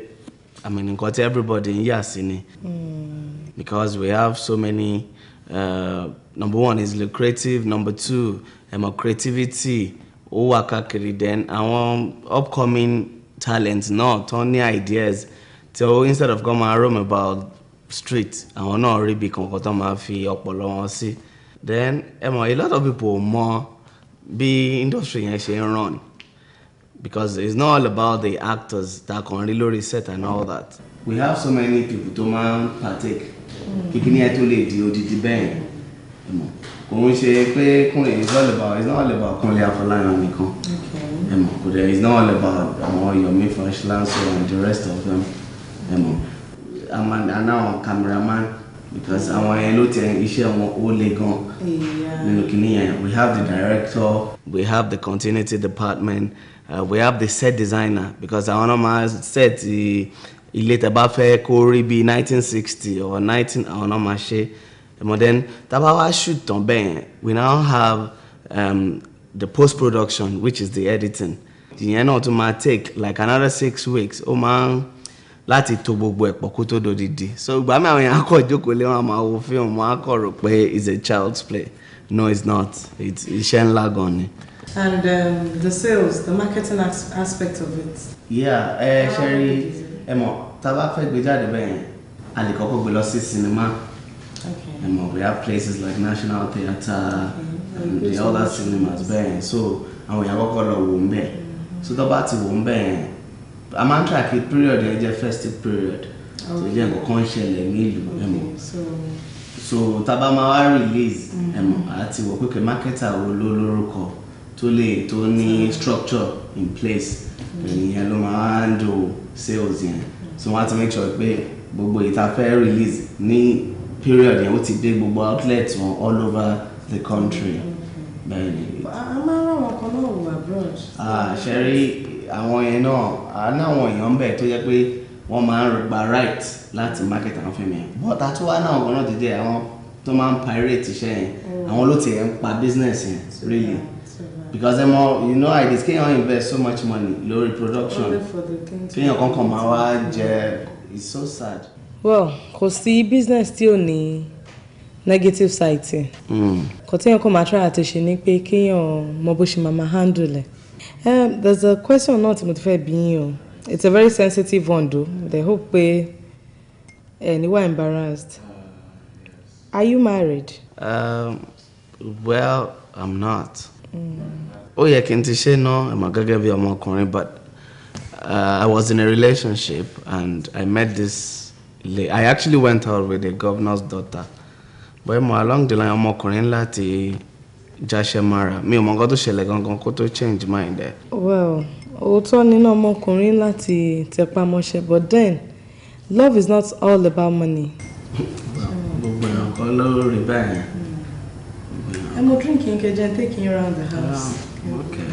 àmì nǹkan tí everybody ń yà sí ni hmm. because we have so many uh, number one is lucrative number two ẹ̀ creativity ó wà káàkiri then àwọn upcoming talent náà tó ní ideas tí ó instead of kọ́ máa roam about street àwọn náà rí ibi kankan tó máa fi ọpọlọ wọn sí then ẹ mọ̀ a lot of people mọ̀ bí industry yẹn ṣe ń run because it's not all about the actors that kan rí lórí set and all that. we have so many people tó máa ń partake kíkí ní ẹ tó lè di odidi bẹ́ẹ̀ ẹ mọ̀ òun ṣe pé kúnlẹ̀ it's all about it's not all about kúnlẹ̀ afọláyàn nìkan ẹ mọ̀ kò dẹ̀ it's not all about àwọn yomi fashlanso and the rest of them ẹ mọ̀ àná cameraman because àwọn yẹn ló tẹ iṣẹ́ wọn ó le gan nínú kìíní yẹn we have the director we have the continuity department uh, we have the set designer because àwọn náà set uh, ilé tẹ́ bá fẹ́ kó rí bíi nineteen sixty or nineteen àwọn náà ṣe. But then Tabawa shoot Tomben, we now have um, the post production, which is the editing. Ìyẹn náà to máa take like another six weeks. Ó máa ń láti to gbogbo ẹ̀pọ̀ kó tó dodidi. So ìgbà mi àwọn èèyàn akọ̀ ìjókòó lé wọn máa wo fíìmù wọn akọ̀ rò pé it's a child's play. No it's not. It's iṣẹ́ ńlá And um, the sales, the marketing as aspect of it. Yeah, ẹ ṣe rí ẹ mọ̀ tá a bá fẹ́ gbé jáde bẹ́ẹ̀ a lè kọ́kọ́ and we have places like National Theatre and the mm-hmm. other cinemas bẹ́ẹ̀ so àwọn we kọ́kọ́ lọ wò ń bẹ̀ mm-hmm. so tó bá ti wò ń bẹ̀ yẹn a máa period yẹn jẹ́ festive period tó jẹ́ nǹkan kan ṣẹlẹ̀ nílùú ẹ̀ mọ̀ so tábà máa wá release ẹ̀ mm-hmm. mọ̀ àti wọ̀ pé kẹ́ marketer wo ló lórúkọ tó lè tó ní structure in place ìyẹn ló máa handle sales yẹn so wọ́n á to make sure pé gbogbo ìta fẹ́ release ní period yẹn ó ti dé gbogbo outlet wọn all over the country bẹ́ẹ̀ ni. a máa ń ráwọn kan náà wò abroad. ṣe rí àwọn yẹn náà a náwọn èèyàn ń bẹ̀ tó jẹ́ pé wọ́n máa ń gba right láti market àwọn fíìmù yẹn but àtúwá náà kan náà ti jẹ́ àwọn tó máa ń pirate iṣẹ́ yẹn mm. àwọn ló ti ẹ̀ ń pa business yẹn really because ẹ mọ you know i dey kéèyàn invest so much money lórí production kéèyàn kankan máa wá jẹ it's so sad well kò sí business tí ò ní negative side tiẹ̀ hmm. kò tí èèyàn kò máa try àti ṣe ni pé kéèyàn mọ bó ṣe máa máa handle ẹ̀ eh, there's a question náà tí mo ti fẹ́ bí yín o it's a very sensitive one though they hope pé ẹ̀ ní wà embarrassed uh, are you married. Um, well i'm not. Hmm. ó yẹ kí n ti ṣe náà ẹ̀mọ́ gẹ́gẹ́ bí ọmọkùnrin but uh, i was in a relationship and i met this. I actually went out with the governor's daughter bóyá mo along the line ọmọkùnrin láti jáṣẹ́mára mi ò mọ nǹkan tó ṣẹlẹ̀ gangan kó tó change mind ẹ̀. well òótọ́ nínú ọmọkùnrin láti tẹpá mọ́ṣẹ́ but then love is not all about money. gbogbo èèyàn kan ló rí báyìí. Mm. ẹ mo drink yín kẹjẹ take yín round the house. Ah, okay.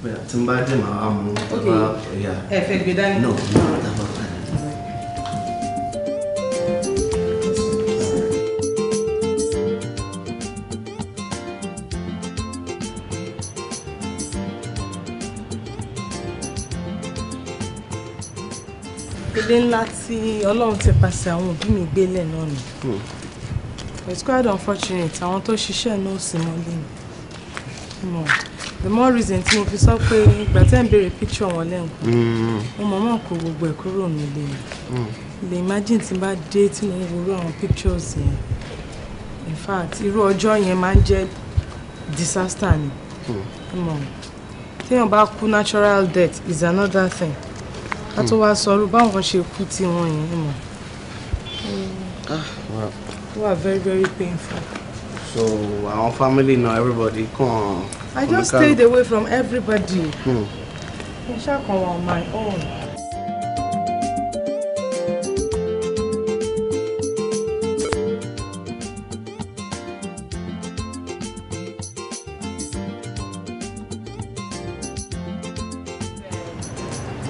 tí n bá dé màá wá mú ọba ẹ̀yà. ẹ fẹ́ gbé dání. no no tàbá padà. ilé ńlá tí ọlọ́run ti pàṣẹ àwọn òbí mi gbélé náà ni hmm. it's quite unfortunate àwọn tó ṣiṣẹ́ náà sì mọ́lé ni the more reason tí mo fi sọ pé ìgbà tẹ́ ń béèrè picture wọn lẹ́hìn mm. mo mọ̀mọ́ kó gbogbo ẹ̀ kúrò mi lè mm. lè imagine tí n bá dé tí mo ń worú àwọn pictures yẹn in fact irú ọjọ́ yẹn máa ń jẹ́ disaster ni mm. téèyàn bá kú natural death is another thing ká tó wá sọ irú báwọn ṣe kú tí wọ́n yẹn mọ̀ ah, ó wà very very painful. so our family now, everybody come. I just stayed away from everybody. I shall come on my own.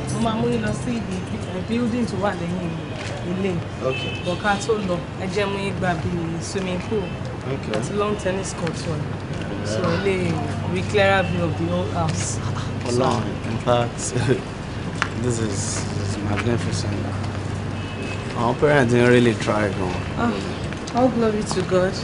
Mo máa mú yín lọ sí eh, building to what they ilé. Okay. But I told them I generally gba the swimming pool Okay. àti long tennis court one. wọn. So ilé ìwé. we clear up of the old house. Along, in fact, this is, this is magnificent. Our parents didn't really try, though. Ah, oh, all glory to God.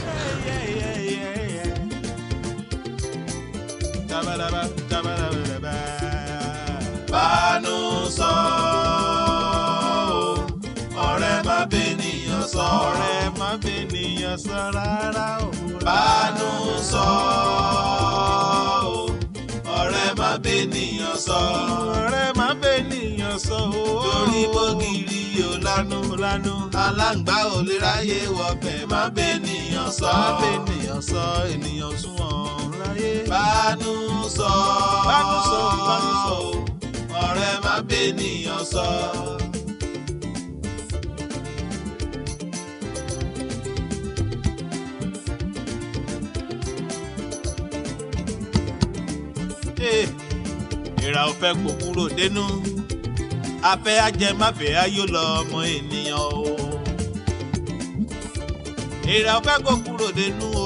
bènìyàn sọ rárá o. bánú sọ o ọ̀rẹ́ má bènìyàn sọ. ọ̀rẹ́ má bènìyàn sọ o. torí bógiri yóò lánú lánú. aláǹgbá ò lè ráyè wọbẹ̀ má bènìyàn sọ. má bènìyàn sọ ènìyàn sún ọ̀run láyé. bánú sọ bánú o ọ̀rẹ́ má bènìyàn sọ. ìrà ò fẹ́ kó kúrò dénú afẹ́ ajẹmáfẹ́ ayó lọ ọmọ ènìyàn o ìrà ò fẹ́ kó kúrò dénú o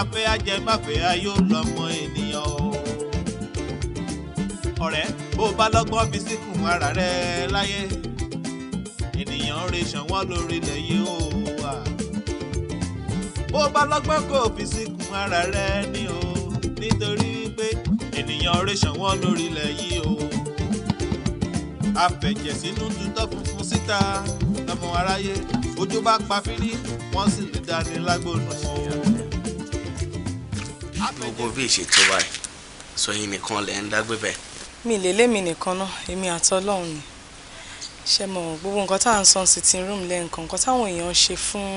afẹ́ ajẹmáfẹ́ ayó lọ ọmọ ènìyàn o ọ̀rẹ́ bó bá lọ́gbọ́n fi síkùn ara rẹ láyé ènìyàn rè ṣànwọ́ lórí ilẹ̀ yìí o wà bó bá lọ́gbọ́n kò fi síkùn ara rẹ ní o nítorí ènìyàn rẹ̀ ṣànwọ́ lórí ilẹ̀ yìí o. afẹ̀jẹ̀sínú tutọ́ funfun síta lọ́mọ aráyé ojú bá pa fínní wọ́n sì lè dání lágbóònù o. gbogbo bí ìṣètò wa sọyìn nìkan lẹ ń dágbé bẹ́ẹ̀. mi lélẹ́ mi nìkan náà èmi àtọ́lọ́run ni ṣe mọ gbogbo nǹkan tá à ń sọ sitting room lẹ́ǹkan nǹkan táwọn èèyàn ṣe fún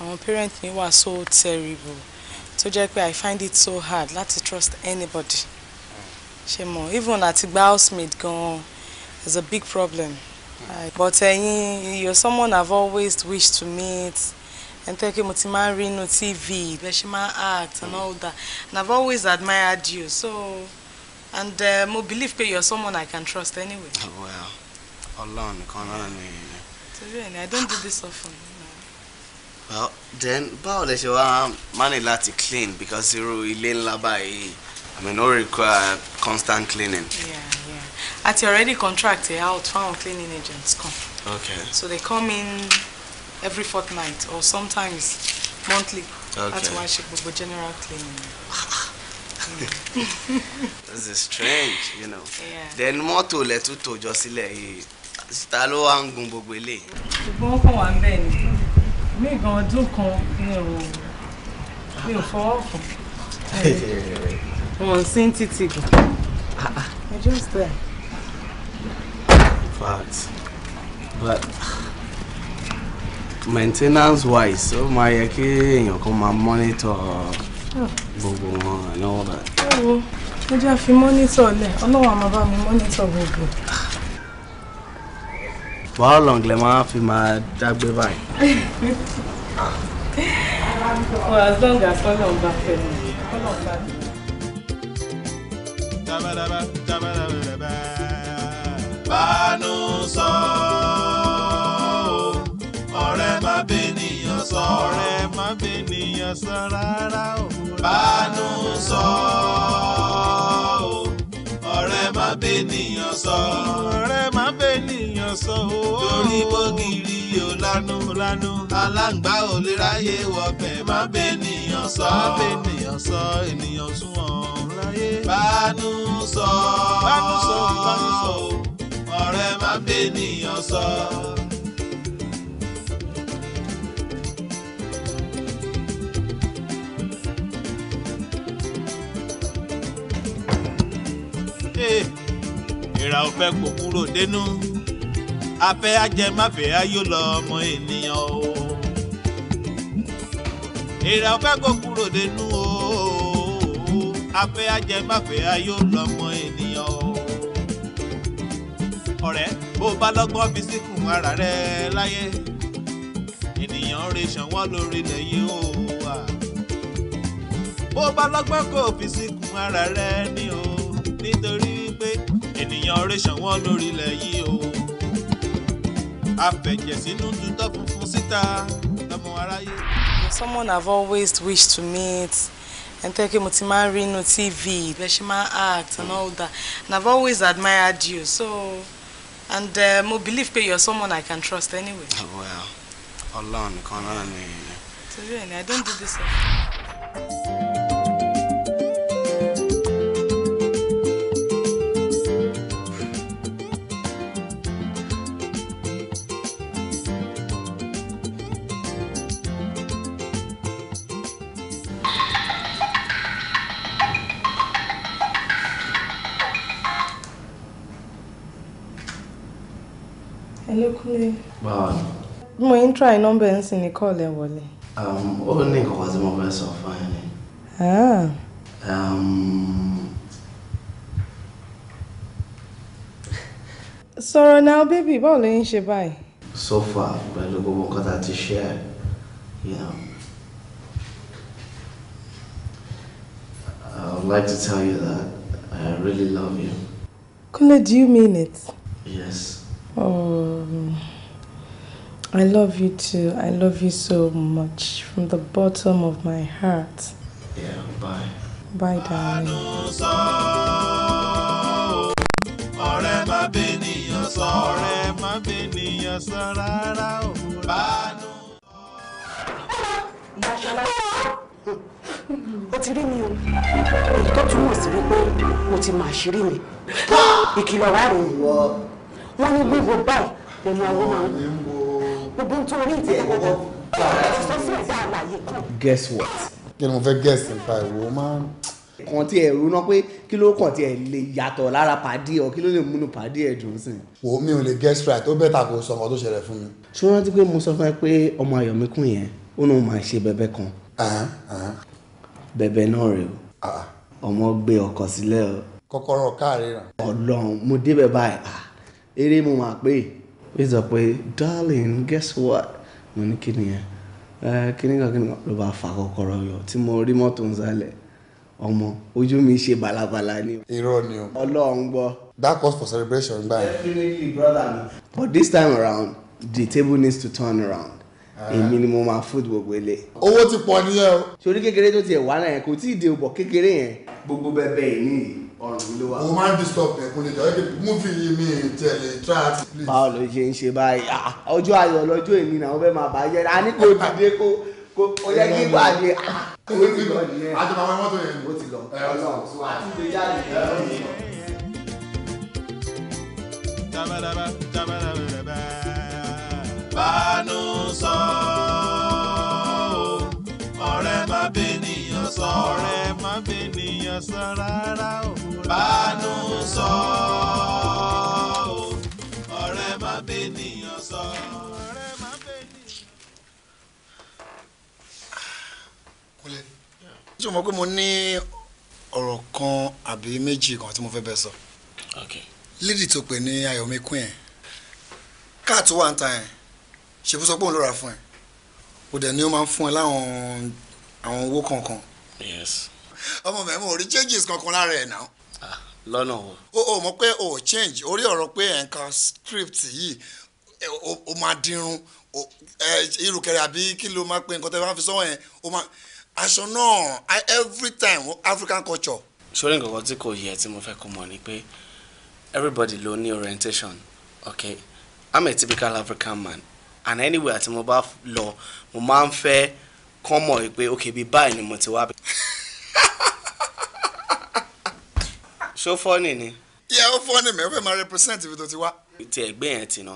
àwọn parents mi wà so terrible tó jẹ́ pé i find it so hard láti trust anybody ṣe mọ̀ even àti gba housemaid gan is a big problem like, but ẹ̀yin uh, you're someone i've always wished to meet and thank you mo ti máa ń rí inú tv bẹ́ẹ̀ ṣe máa act and all that and i've always admired you so and uh, mo believe pé you're someone i can trust anyway. well Ọlọ́run nìkan náà ni. torí ẹ ni i don't do this often well then báwo lè ṣe wá manage láti clean because irú ilé ńlá báyìí i mean no require constant cleaning. Yeah, yeah. àti already contract ẹ out fáwọn cleaning agents Come. okay. so they come in every fortnight or sometimes monthly. okay láti wá ṣe gbogbo general cleaning. this is strange you know. Yeah. then mọ́tò lẹ́tú tòjọ́ sílẹ̀ yìí ta ló wá ń gun gbogbo eléyìí. ṣùgbọ́n ó kàn wá ń bẹ́ẹ̀ ni mí gan ọdún kan mi ò mi ò fọwọ́ kàn wọn sí ń títí gùn i just there. but but maintenance wise ó máa yẹ kí èèyàn kan máa monitor gbogbo wọn and all that. ẹ wo mo jẹ́ fi monitor lẹ̀ ọlọ́wọ́n á máa bá mi monitor gbogbo for how long máa fi máa dágbé báyìí. well as long as ọlọ́run bá fẹ́ mi bánú sọ ọ̀rẹ́ má bènìyàn sọ ọ̀rẹ́ má bènìyàn sọ rárá o. bánú sọ ọ̀rẹ́ má bènìyàn sọ ọ̀rẹ́ má máa sọ o. torí bógiri yóò lánú lánú. aláǹgbá ò lè ráyè wọbẹ̀ má bẹ́ẹ̀ nìyàn sọ. má bẹ́ẹ̀ nìyàn sọ ènìyàn sunwọ̀n láyé. bánú sọ bánú sọ bánú sọ o. ọ̀rẹ́ má bẹ́ẹ̀ nìyàn sọ. Eh, ìrà ò fẹ́ kó kúrò dénú afẹ́ ajẹmáfẹ́ ayó lọ ọmọ ènìyàn o. èrè ọ̀fẹ́ kò kúrò dénú o afẹ́ ajẹmáfẹ́ ayó lọ ọmọ ènìyàn o. ọ̀rẹ́ bó bá lọ́gbọ́n fi síkùn ara rẹ láyé ènìyàn rè ṣànwọ́ lórí lẹ́yìn o wà. bó bá lọ́gbọ́n kò fi síkùn ara rẹ ní o nítorí pé ènìyàn rè ṣànwọ́ lórí lẹ́yìn o afẹ̀jẹ̀ sínú tutọ́ funfun síta lọ́mọ aráyé. someone I've always wished to meet ẹni tó yẹ kí mo ti máa ń rí inú TV bẹ ṣe máa ń act and all that and I've always admired you so and uh, mo believe pé you're someone I can trust anyway. Oh, well Ọlọ́run nìkan náà ni. torí ẹ ni I don't do this. Often. mo ń try nọ́mbà ẹ̀ ń sìn ní kọ́ọ̀lẹ̀ wọlé. Um, ó ní nǹkan kan tí mo fẹ́ sọ fún ẹ ni. Ah. Um, sọ̀rọ̀ náà bébì báwo ló ń ṣe báyìí. so far pẹ̀lú gbogbo nǹkan tá a ti ṣe ẹ̀ you know, I would like to tell you that I really love you. Kule, do you mean it? Yes. Oh. I love you too. I love you so much from the bottom of my heart. Yeah, bye. Bye, darling. Ọ̀rẹ́ má bènìyàn sọ, ọ̀rẹ́ má bènìyàn sọ rárá o. Bánú. Ìyáṣọlá. O ti rí mi o. Èyí tó túmọ̀ sí wípé mo ti mọ àṣírí mi. Ìkìlọ̀ wà rèé. Wọ́n ní gbogbo báyìí lẹ́nu àwọn máa ń guess what. kí ni mo fẹ́ guess nípa ìwò máa ń. kan tí ẹ ronú pé kí ló kàn tí ẹ lè yàtọ̀ lára pàdé ọ kí ló lè múnú pàdé ẹ dùn sí. wo mi ò lè guess right ó bẹ́ẹ̀ ta kò sọ nǹkan tó ṣẹlẹ̀ fún mi. ṣé wọ́n rántí pé mo sọ fún ẹ pé ọmọ ayọ̀míkùn yẹn ó náà máa ṣe bẹ̀bẹ̀ kan. bẹ̀bẹ̀ náà rèé o ah. ọmọ gbé ọkọ̀ sílẹ̀ o. kọ́kọ́rọ́ káàrí rà. Ọlọ́run mo débẹ̀ báyìí ah, eré mo máa pè é wíṣọ pé darling guess what mo ní kí nìyẹn ẹ kíní kan kíní kan ló bá fa kọ́kọ́rọ́ yọ tí mo rí mọ́tò ń sálẹ̀ ọmọ ojú mi ṣe balabala ni. irọ́ ni o. ọlọ́run gbọ́. that calls for celebration gbà yẹn. definitely brother mi. but this time around the table needs to turn around ah. èmi ni mo máa food gbogbo ilé. owó ti pọ̀ nìyẹn o. sori kékeré tó tiẹ̀ wá náà yẹn kò tí ì de òbọ̀ kékeré yẹn gbogbo bẹ́ẹ̀ bẹ́ẹ̀ yìí ọrùn mi ló wà. mo máa ń disturb ẹkún lè jọ ẹ múfì yìí mi tẹ̀lé try at least. báwo ló ṣe ń ṣe báyìí ọjọ́ ayọ̀ lọ́jọ́ èmi náà wọ́n fẹ́ máa bá yẹ a ní kò dìde kó kó yẹ kí wà ní. o ti lọ nìyẹn a ti máa wọ ẹmọ tó yẹn. o ti lọ ẹ ọlọ so a ti lè jáde ẹ ọ ti lọ. dábàdábà dábàdábà bánú sọ ọ̀rẹ́ má bẹ nìyàn sọ. ọ̀rẹ́ má bẹ nìyàn sọ rárá o bánú sọ ọ̀rẹ́ má bẹ nìyàn sọ. kúlẹ̀ ṣé o mọ̀ pé mo ní ọ̀rọ̀ kan àbí méjì kan tí mo fẹ́ bẹ sọ lídì tó pè ní ayọ̀mẹ́kún yẹn káà wà ń ta yẹn ṣèbú sọ pé òun ló ra fún ẹ o dẹ̀ ni ó máa ń fún ẹ láwọn àwọn owó kankan. ọmọ mẹ́mọ́ ò rí changes kankan lára ẹ̀ náà lọ́nà o. o ò mọ̀ pé o change orí ọ̀rọ̀ pé ẹ̀ ń ka script yìí o máa dirun irùkẹ̀rẹ̀ àbí kí ló máa pe nǹkan tẹ́ bá fi sọ́wọ́ yẹn o máa aṣọ náà every time African culture. sórí nǹkan kan tí kò yẹ tí mo fẹ́ kó mọ̀ ni pé everybody ló ní orientation okay i'm a typical African man and anywhere tí mo bá lọ mo máa ń fẹ́ kán mọ̀ pé okay bí báyìí ni mo ti wá. So funny, ni. yẹ ó fọ́nì mi ó fẹ́ máa represent ibi tó ti wá. ti ẹ̀gbẹ́ yẹn ti nà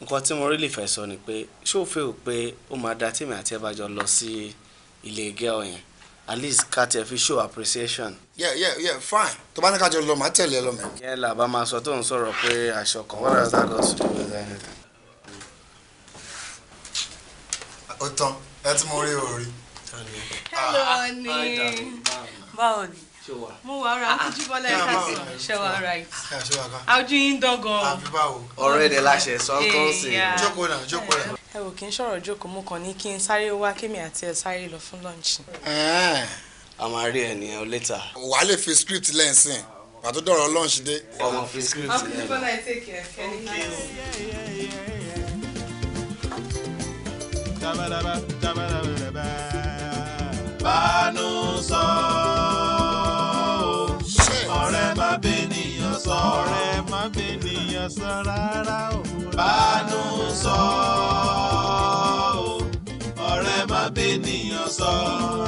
nǹkan tí mo rí lè fẹ́ sọ ni pé ṣó fẹ́ o pé ó máa da tèmi àti ẹ̀ bá jọ lọ sí ilé gẹ́ọ̀ yẹn at least ká tiẹ̀ fi show appreciation. yeah yeah yeah fine tó bá ní ká jọ lọ màá tẹ̀lé ẹ lọ mẹ́. yẹn là bá máa sọ tó ń sọ̀rọ̀ pé aṣọ kan wọ́n rẹ̀ sáré ọ̀sùn ìwé lẹ́yìn. ó tán ẹ tí mo rí orí. hello ah, honey báwo ni mo wà ra ah, ah. ojú bọ́lá ẹ̀ka sí right ojú yín dán gan. ọ̀rẹ́ ni láṣẹ sọ́ńtọ́ sí i. jókòó náà jókòó náà. ẹ wò kí n sọ̀rọ̀ mo kàn ní kí n sáré wá kémi àti ẹ sáré lọ fún lọ́ọ̀nchì. a máa rí ẹ nìyẹn later. wàá lè fi script lẹ́sìn pàtó dọ̀rọ̀ lọ́ọ̀nchì dé. ọmọ fi script lẹ́yìn. ojú bọ́lá ẹ tèkì ẹ kẹ́ni kẹ́ni. bánú sọ. bènìyàn sọ rárá o. bánú sọ o ọ̀rẹ́ má bènìyàn sọ.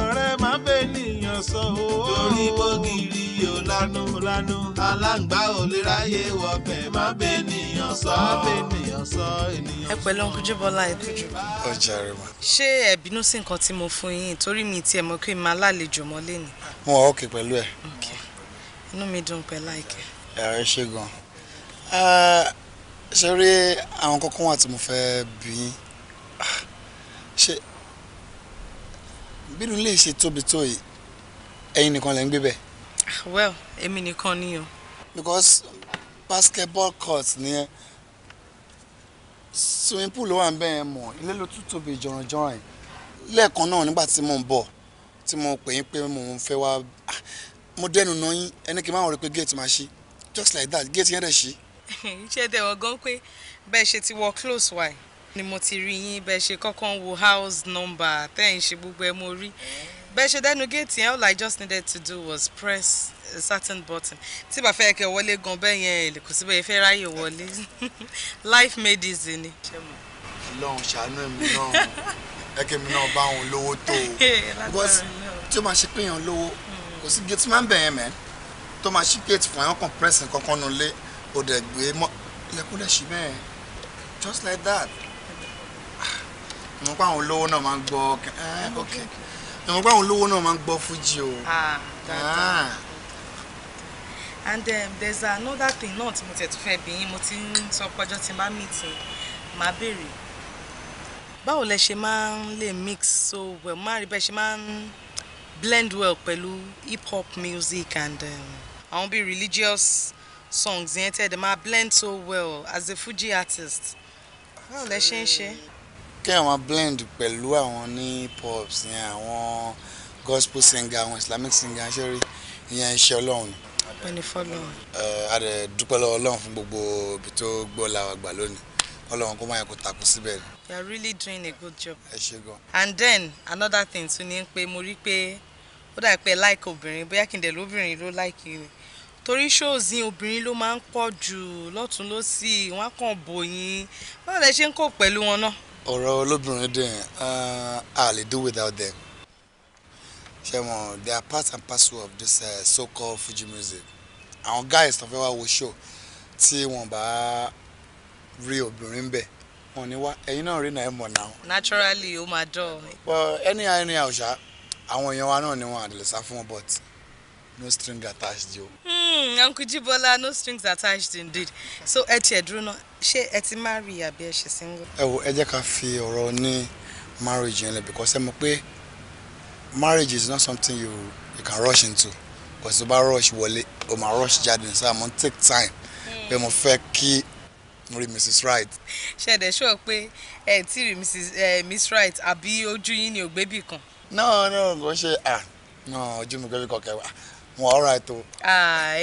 ọ̀rẹ́ má bènìyàn sọ o. torí bógiri ò lanu lanu. aláǹgbá ò lè ráyè wọbẹ̀ má bènìyàn sọ. má bènìyàn sọ ènìyàn sọ. ẹ pẹ̀lú ọkùnrin bọ́lá ẹ ọjà rẹ mà. ṣé ẹ sí nǹkan tí mo fún yín torí mi tiẹ̀ mọ̀ pé màá lálejò mọ́ lẹ́nu. wọn ò kè pẹ̀lú ẹ. inú mi dùn pẹ̀lú àìkẹ́. ẹ ṣe gan-an. Eh, ṣe rí àwọn kókó wà tí mo fẹ́ bí ah, ṣe bínú lè ṣe tóbi tó yìí ẹ̀yin nìkan lẹ ń gbé bẹ̀. Ah, well èmi nìkan ni o. because basketball court ni ẹ swimming pool ló wà ń bẹ̀ yẹn mọ̀ ilé ló tún tóbi jọ̀rọ̀jọ̀rọ̀ yìí lẹ́ẹ̀kan náà nígbà tí mò ń bọ̀ tí mo pè yín pé mò ń fẹ́ wá ah, mo dẹnu náà yín ẹni kí n máa rò pé gate máa ṣí just like that gate yẹn dẹ̀ ṣí iṣẹ́ tẹ wọ́n pé bẹ́ẹ̀ ṣe ti wọ close wa ni mo ti rí yín bẹ́ẹ̀ ṣe kọ́kọ́ ń wo house number tẹ́ ẹ̀ ń ṣe gbogbo ẹ̀ mo rí bẹ́ẹ̀ ṣe dẹ́nu géètì yẹn all I just needed to do was press a certain button tí bá fẹ́ kẹ́ wọlé gan bẹ́ẹ̀ yẹn kò sí bẹ́ẹ̀ fẹ́ ráyè wọlé life made easy ni. Ọlọ́run ṣàánú èmi náà ẹkẹ mi náà bá òun lówó tó o tí o máa ṣe pé èèyàn lówó kò sí gate máa ń bẹ̀yẹn mẹ́ tó máa ṣí gate fún ẹ̀yàn kan press nǹkan nulẹ̀ o dẹ̀ gbé mọ́ ilẹ̀kùn dẹ̀ ṣí bẹ́ẹ̀ just like that ah, mo pa àwọn olówó náà máa ń gbọ́ eh, ok mo pa àwọn olówó náà máa ń gbọ́ fújì o. Ah, ah. and um, there's another thing náà tí mo tẹ̀ tún fẹ́ bí yín mo ti ń sọ pọ́jọ́ tí máa mìtì máa béèrè báwo lẹ ṣe máa ń lè mix so well máa rí bẹ́ẹ̀ ṣe máa ń blend well pẹ̀lú hip hop music and um, àwọn um, bíi religious songs yẹn tẹ́ ẹ̀ dẹ̀ máa blend so well as a Fuji artist báwo lẹ ṣe ń ṣe. kí àwọn blend pẹ̀lú àwọn ní pops yẹn àwọn gospel singer àwọn islamic singer ṣe rí ìyẹn iṣẹ́ ọlọ́run ni. pẹ̀lú fọlọ́run. a rẹ̀ dúpẹ́ lọ́wọ́ ọlọ́run fún gbogbo ibi tó gbọ́ làwọn àgbà lónìí ọlọ́run kó má yẹ kó takú síbẹ̀. you are really doing a good job. ẹ ṣe gan. and then another thing tún ni pé mo rí pé ó dà pé like obìnrin bóyá kí n dẹ̀ lóbìnrin ló like you torí ṣóòzìn obìnrin ló máa ń pọ̀ jù lọ́tún lọ́sì wọ́n á kàn bò yín báwo ṣe ń kó pẹ̀lú wọn náà. ọ̀rọ̀ olóbìnrin dẹ̀ a lè do without them ṣe mọ̀ they are part and parcel of this uh, so-called Fuji music àwọn guys tó fẹ́ wá wo show tí wọ́n bá rí obìnrin bẹ́ẹ̀ wọn ni wá ẹ̀yin náà rí náà mọ̀ náà. naturally ó máa dọ̀. but anyhow anyhow ṣá àwọn èèyàn wa náà ni wọn àdìlẹ̀ sá fún wọn but no string attached o. Mm, uncle jibola no strings attached indeed so ẹ tiẹ̀ dúró náà ṣé ẹ ti marry àbí ẹ ṣe single. ẹ wo ẹ jẹ́ ká fi ọ̀rọ̀ ní marriage yẹn lẹ̀ because ẹ mọ̀ pé marriage is not something you, you can rush into because tó bá rush wọlé o máa rush jáde so àmọ́ take time hmm. pé mo fẹ́ kí mo rí mrs right. ṣẹ̀dẹ̀ ṣọ́ pé ẹ ti rí mrs Miss right àbí ojú yín ni ògbébì kan. no no kò ṣe ah no ojú mi gbẹ́bí kan kẹwàá Well, all right though. Ah,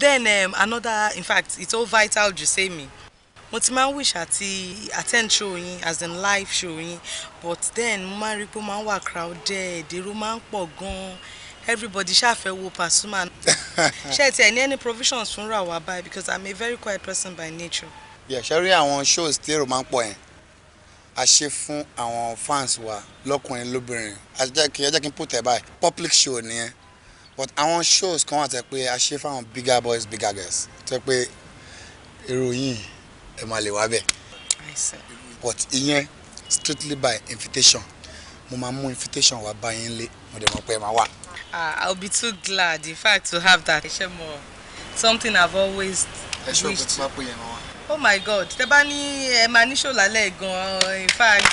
then um, another, in fact, it's all vital Jusemi. mo ti máa ń wish àti attend showing as in live showing. but then mo máa ń rí pé ó máa ń wà crowded èrò máa ń pọ̀ gan-an everybody ṣàfẹ́ wo Pasuma ṣe ti ẹ̀ ní any provisions from ra wa because i'm a very quiet person by nature. Yeah, shall rí àwọn shows tí èrò máa ń pọ̀ yẹn a ṣe fún àwọn fans wa lọ́kùnrin lóbìnrin a jẹ́ kí n put it by public show nìyẹn but àwọn shows kan àti pé a ṣe fáwọn bigger boys bigger girls tó pé ìròyìn ẹ máa lè wá bẹ̀ but ìyẹn strictly by invitation mo máa mú invitation wá bá yín lé mo dẹ̀ mọ̀ pé ẹ máa wà. ah i'll be too glad in fact to have that. ṣe mo something i've always ẹ ṣe òkú tí wàá pè yẹn wọn. oh my god tẹ bá ní ẹ máa ní ṣò lálẹ́ in fact.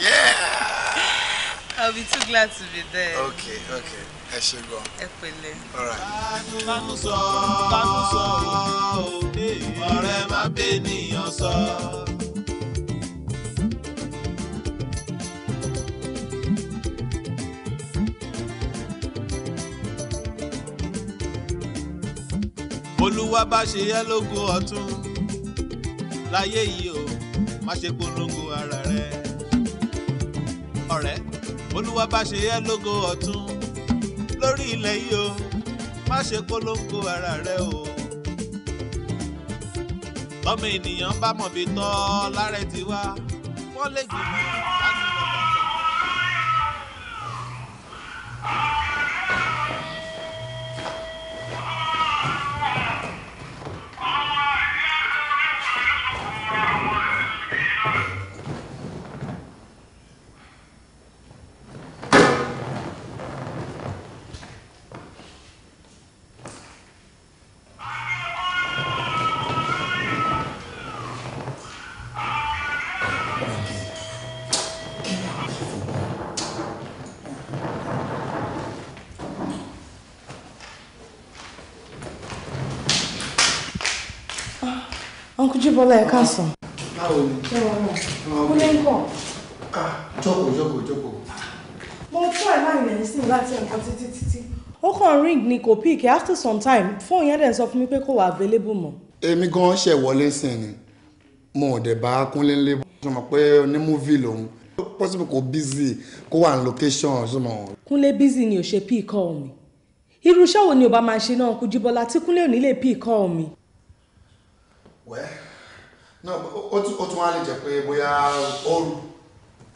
yeah. i'll be too glad to be there. okay okay ẹ ṣe gan. ẹ pẹ̀lẹ́. bánú sọ bánú sọ òde ọ̀rẹ́ má bẹ nìyàn sọ. olúwa bá ṣe yẹ lógún ọ̀tún láyé yìí o má ṣe polongo ara rẹ ọ̀rẹ́ olúwa bá ṣe yẹ lógún ọ̀tún lórí ilẹ̀ yìí o má ṣe polongo ara rẹ o. ọmọ ènìyàn bá mọ̀ bí tọ́ lára ti wá wọ́n lè jù lọ láti lọ́kọ̀ọ́. Kújíbọ́lá ẹ káàsán. báwo ni. ṣé wọn náà kúlé ń kàn. jókòó jókòó jókòó. mo fún ẹ láì lẹ́yìn sí mi láti ẹ̀kọ́ títí títí. ó kàn ring ni kò pick after some time fóònù yẹn dẹ̀ sọ fún mi pé kò wà available mọ́. èmi gan ṣe wọlé sìn ni mo ò dẹ̀ bá kúnlé ńlé bọ́ ṣọmọ pé ní múvì lòun possible kò busy kó wà ní location ṣọmọ. kúnlé busy ni ò ṣe pick call mi irú iṣẹ́ wo ni ò bá máa ṣe náà Kújíbọ́lá tí kúnlé ò ní lè pick call mi. wẹ́ẹ́ No, ó tún wá lè jẹ́ pé bóyá ooru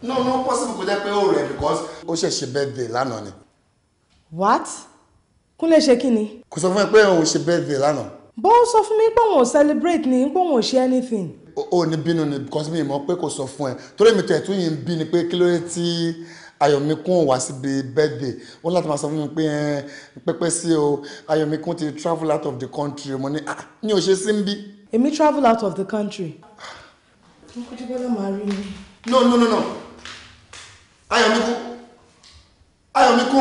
no no possible kò jẹ́ pé ooru ẹ̀ because ó ṣẹ̀ṣẹ̀ birthday lánàá ni. what kúnlẹ̀ ṣe kí ni. kò sọ fún mi pé òun ṣe birthday lánàá. bó sọ fún mi pé òun ò celebrate ni pé òun ò ṣe anything ó ní bínú ni because mi mọ̀ pé kò sọ fún ẹ torí mi tẹ̀ tún yìí ń bí ni pé kí ló dé tí ayọ̀míkún wá síbi birthday wọ́n láti máa sọ fún mi pé pẹ́pẹ́ sí o ayọ̀míkún ti travel out of the country mo ní ah mi ò ṣe sí ń bí èmi travel out of the country. no no no no ayọ̀mí kú ayọ̀mí kú.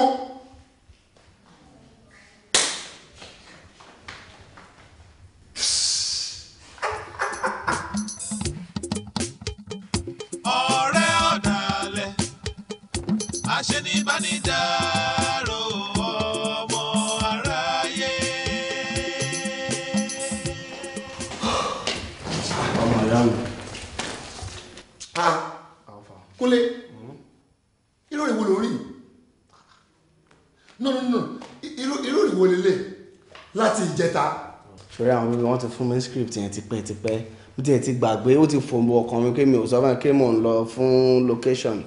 sori àwọn bíbí wọn ti fún mi script yẹn tipẹ́tipẹ́ mo tiẹ̀ ti gbàgbé ó ti fòmù ọkàn mi pé mi ò sọ fún mi pé mò ń lọ fún location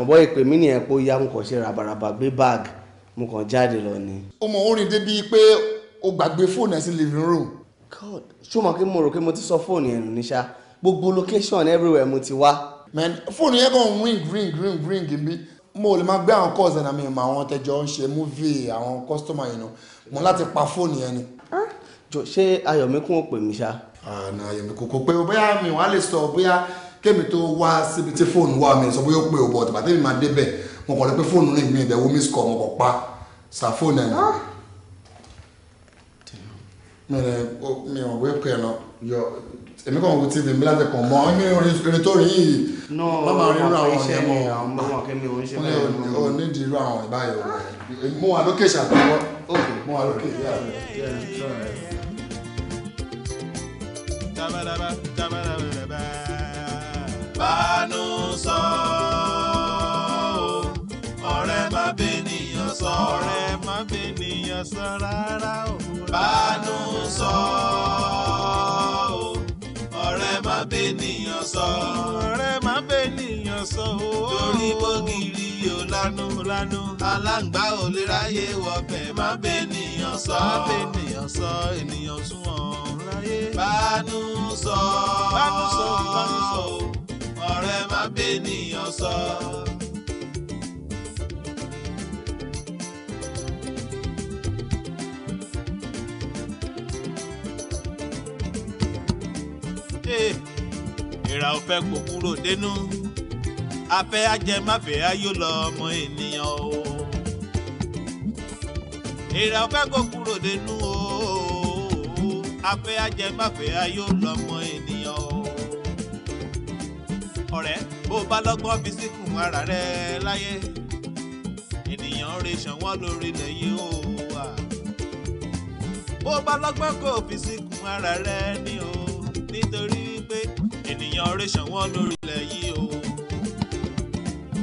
ọ̀bọ̀ ìpè mí nìyẹn pé ó yá mo kàn ṣe ràbàràbà gbé bag mo kàn jáde lọ ni. ó mọ orin débi pé o gbàgbé fóònù ẹ sí living room. god ṣó mọ̀ pé mo rò pé mo ti sọ fóònù yẹn nù ní ṣá gbogbo location everywhere mo ti wá. man fóònù yẹn kàn ń ring ring ring ring mi mo lè máa gbé àwọn calls ẹ̀nà mi mọ àwọn tẹjọ ń ṣe múvì àwọn customer yẹn nù mo láti pa fóònù yẹn ni ṣé ayọ̀míkún ò pè mí ṣá. àná ayọ̀míkún kò pé o bóyá mi wàá lè sọ bóyá kémi tó wá síbi tí fóònù wà mí sọ bóyá ó pé o bọ̀ tìbàtẹ́ mi máa débẹ̀ mo kàn lè pé fóònù rìn mí ìbẹ̀wò miss call mo kàn pa ṣàfóònù ẹ̀ mi rẹ̀ ah. mi ò wé pé ẹ̀ lọ yọ èmi kàn wò tv mílá tẹkàn mọ ọ ní orin tó rí yìí mama rírun àwọn ọ̀yẹ́ mọ ọ nídìí irú àwọn ìbáyọ̀ mo wa lókè ṣàtúwọ́ mo wa lókè yàrá tabaraba tabaraba. bánú sọ ọ̀rẹ́ má bènìyàn sọ ọ̀rẹ́ má bènìyàn sọ rárá o. bánú sọ ọ̀rẹ́ má bènìyàn sọ ọ̀rẹ́ má bènìyàn sọ o. torí bógiri lanu lanu aláǹgbá ò lè ráyè wọbẹ̀ má bẹ ènìyàn sọ má bẹ ènìyàn sọ ènìyàn sún ọ̀run láyé sọ bánú sọ bánú sọ ọ̀rẹ́ má bẹ ènìyàn sọ. èèrà ò fẹ́ kúrò dénú afẹ́ ajẹmáfẹ́ ayó lọ ọmọ ènìyàn o. èrè ọ̀fẹ́ kò kúrò dénú o afẹ́ ajẹmáfẹ́ ayó lọ ọmọ ènìyàn o. ọ̀rẹ́ bó bá lọ́gbọ́n fi síkùn ara rẹ láyé ènìyàn rè ṣàn wọ́n lórí lẹ́yìn o wà. bó bá lọ́gbọ́n kò fi síkùn ara rẹ ní o nítorí pé ènìyàn rè ṣàn wọ́n lórí lẹ́yìn o.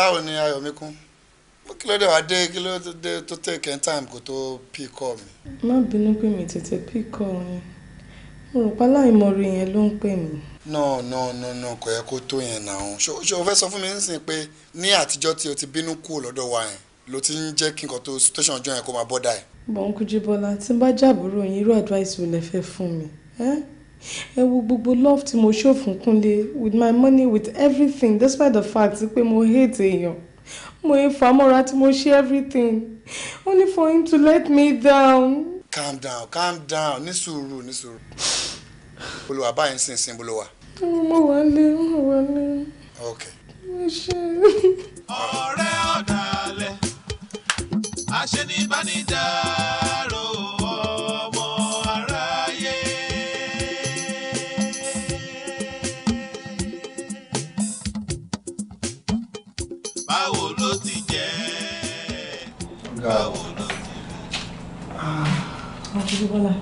báwo ni ayọ̀míkún kí ló dé wá dé kí ló dé tó take time kó tó pick call mi. má bínú pé mi tètè pick call yín mo rò pa láìmọ̀rí yẹn ló ń pè mí. no no no no kò yẹ kó tó yẹn náà ṣé o fẹ́ sọ fún mi nísìnyí pé ní àtijọ́ tí o ti bínú kú lọ́dọ̀ wa yẹn ló ti ń jẹ́ kí nǹkan tó situation ọjọ́ yẹn kó máa bọ́dà ẹ̀. bọ̀ǹkú jíbọ́lá tí n bá jàbúrò yín irú advice wo lẹ fẹ́ fún mi. Eh? ẹ wo gbogbo love tí mo show fún Kúnlé with my money with everything despite the fact pé mo hate èèyàn mo ń fa mọ́ra tí mo ṣe everything only for him to let me down. calm down calm down ní sùúrù ní sùúrù olùwà báyìí ń sìn sìn bolówà. mo wà lé mo wà lé. ok. mo ṣe. ọ̀rẹ́ ọ̀dàlẹ̀ àṣẹ ní ìbánijẹ́. Adébọ́lá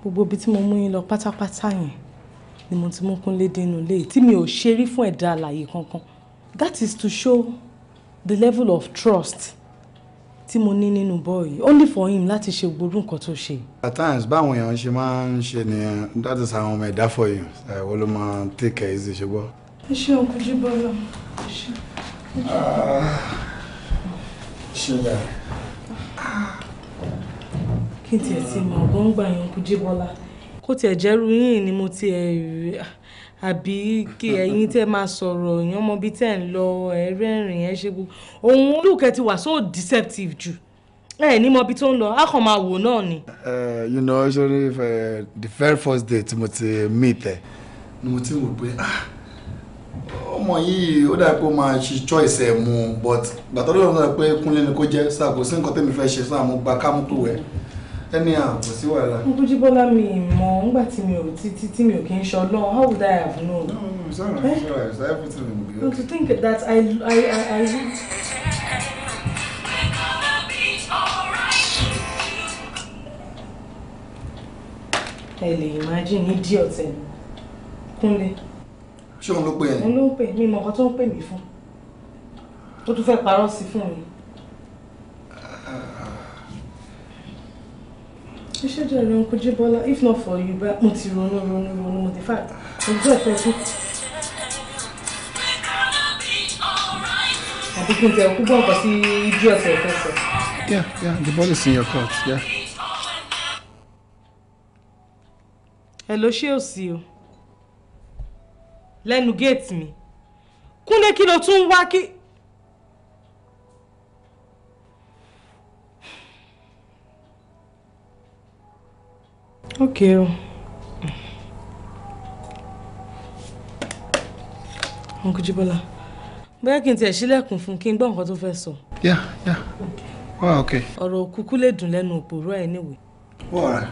gbogbo ibi tí mo mú yín lọ pátápátá yẹn ni mo ti mú Kúnlé dénú ilé tí mi ò ṣe rí fún ẹ̀dá alààyè kankan that is to show the level of trust tí mo ní nínú bọ́ọ̀yì only for him láti ṣe gbogbo nǹkan tó ṣe. at times báwọn èèyàn ṣe máa ń ṣe nìyẹn that is àwọn ọmọ ẹ̀dá for you ẹ̀wọ́ ló máa take care easy ṣe gbọ́. ẹ ṣe òkú jíbọ́ lọ. ṣe dáa kí n tiẹ̀ ti mọ̀ ọ̀gbọ́n yẹn kú jíbọ́lá kó tiẹ̀ jẹ́rú yín ni mo ti ẹ̀ àbí kí ẹ̀yin tẹ́ máa sọ̀rọ̀ èèyàn mọ bí tẹ́ ń lọ ẹ̀rẹ́rìn ẹ̀ ṣe gbogbo òun olùkẹ́ ti wà so deceptive ju. ẹ ní mọ ibi tó ń lọ a kàn máa wò náà ni. you know sori uh, eh, the very first day tí mo ti meet ẹ ni mo ti wò pé ọmọ yìí ó dà pé ó máa ṣe choice ẹ mu but gbàtọ́ lóòrùn náà pé kúnlẹ̀ ni kò jẹ́ sáà kò sí nǹkan tẹ́mi fẹ́ ṣe sáà mo gba kámú tó wẹ̀ ẹni àbò sí wàhálà. nkújú bọ́lá mi mọ̀ nígbà tí mi ò títí tí mi ò kí ń ṣọ lọ how would I have known. no no no it's alright eh? it's alright it's everything will be okay. to think that I I I. I ẹ lè imagine idiot ẹ kúnlé. ṣé òun ló pè é. òun ló ń pè mí mọ̀ nǹkan tó ń pè mí fún. ó tún fẹ́ parọ́ sí fún mi. iṣẹ́ jẹ́ ìlú nkújí bọ́lá if not for you bá mo ti ronú ronú ronú mo ti fà ojú ẹ̀fẹ́ kú. àbí kí n tẹ ọkú bọ̀ ọ̀pọ̀ sí ijú ẹ̀fẹ́ ẹ̀fẹ́ sọ. yeah yeah the ball is in your court yeah. Hello, ló ṣe òsì o lẹ́nu géètì mi kúnlé kí ló tún wá kí. okay o uncle Jibola bóyá kí n tiẹ̀ ṣílẹ̀kùn fún kí n gbọ́ nǹkan tó fẹ́ sọ. yá yá wá okay. ọ̀rọ̀ òkúkú lè dùn lẹ́nu òpòrò ẹ̀ níwèé. wọ́n rà.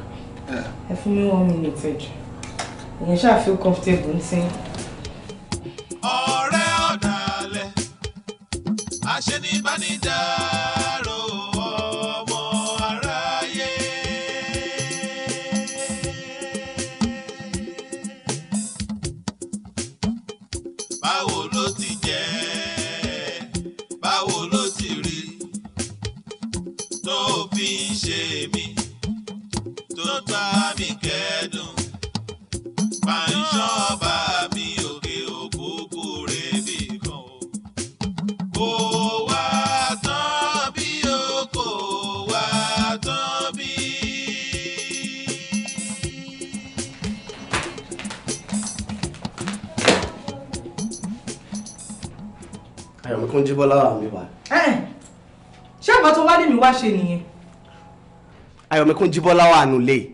ẹ fún mi one minute ẹ̀jọ̀ ìyẹn ṣáà feel comfortable ń tín. ọ̀rẹ́ ọ̀dàlẹ̀ àṣẹ ní bá mi kẹ́dùn pàǹṣọ́ bá mi òkè òkúkú rèébì kan kún jíbọ́lá mi wá. ṣé ìbọn tó wá ní mi wá ṣe nìyẹn. àyọ̀mí jíbọ́lá wà nulẹ̀ yìí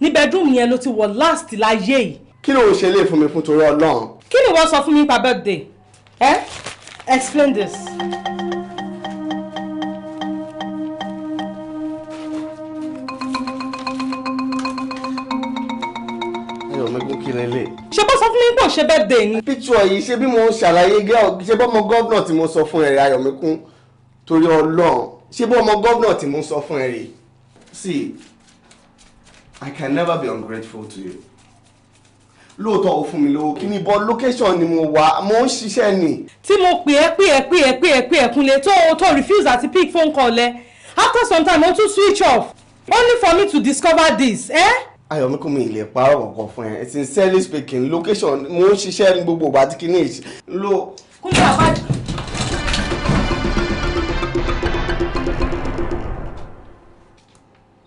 ní bedroom yẹn ló ti wọ̀ last láyé yìí. kí ló ń ṣe lè fún mi fún torí ọlọ́run. kí ni wọ́n sọ fún mi nípa birthday ẹ eh? explain this. ọ̀mẹ́gún kí ni ilé. ṣé bó sọ fún mi pò ṣe birthday ni. picture yìí ṣe bí mo ṣàlàyé gẹ́ọ̀ ṣe bọ́ ọmọ gọ́vnà tí mo sọ fún ẹ̀rẹ̀ ayọ̀mẹ́kún torí ọlọ́run ṣe bọ́ ọmọ gọ́vnà tí mo sọ fún ẹ̀rẹ̀ sí i I can never be ungrateful to you. Lóòótọ́ o fún mi lówó kí ni bọ́ location ni mo wà mo ń ṣiṣẹ́ ni. Tí mo pè é pè é pè é pè é pè é kúnlẹ̀ tó o tó refuse àti pick phone call ẹ. After some time o tún switch off only for me to discover this. Eh? ayọ̀míkún mi ìlẹ̀ parọ́ kankan fún ẹ sincerely speaking location mo ń ṣiṣẹ́ ní gbogbo ìgbà tí kìíní ìṣe lo. kúnlẹ̀ àbájá.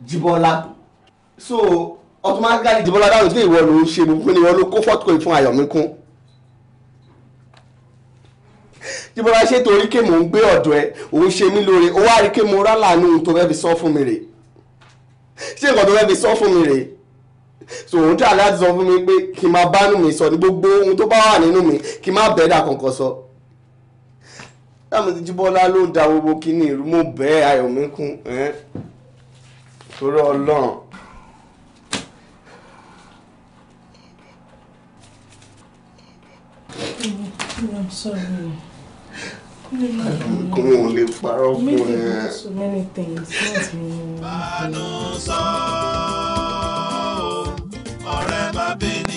Jíbọ́lá so automatically ìdìbò ládàá òtún ìwọ ló ń ṣe mi fún ìwọ ló kó fọ́tò ìfún ayọ̀ mi kún ìdìbò ládàá ṣe torí pé mò ń gbé ọ̀dọ̀ ẹ òun ṣe mí lóore ó wá rí pé mo rá làánú ohun tó fẹ́ fi sọ fún mi rè ṣé nǹkan tó fẹ́ fi sọ fún mi rè so òun tí aláàtì sọ fún mi pé kí n máa bánú mi sọ ní gbogbo ohun tó bá wà nínú mi kí n má bẹ́ẹ̀dà kankan sọ táwọn ti jíbọ́lá ló ń da gbogbo kíní ìrú mo bẹ́ẹ̀ ayọ̀ mi kún ẹ́ torí ọlọ́run. sorry. Kò wọ́n lè parọ́ fún ẹ. So many things. Bánú sọ ọ̀rẹ́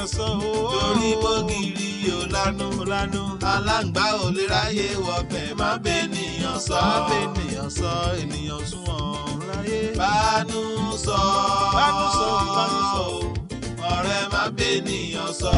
máa sọ o. torí bógiri yóò lánú lánú. aláǹgbá ò lè ráyè wọbẹ̀ má bẹ́ẹ̀ nìyàn sọ. má bẹ́ẹ̀ nìyàn sọ ènìyàn sunwọ̀n láyé. bánú sọ bánú sọ bánú sọ ọ̀rẹ́ má bẹ́ẹ̀ nìyàn sọ.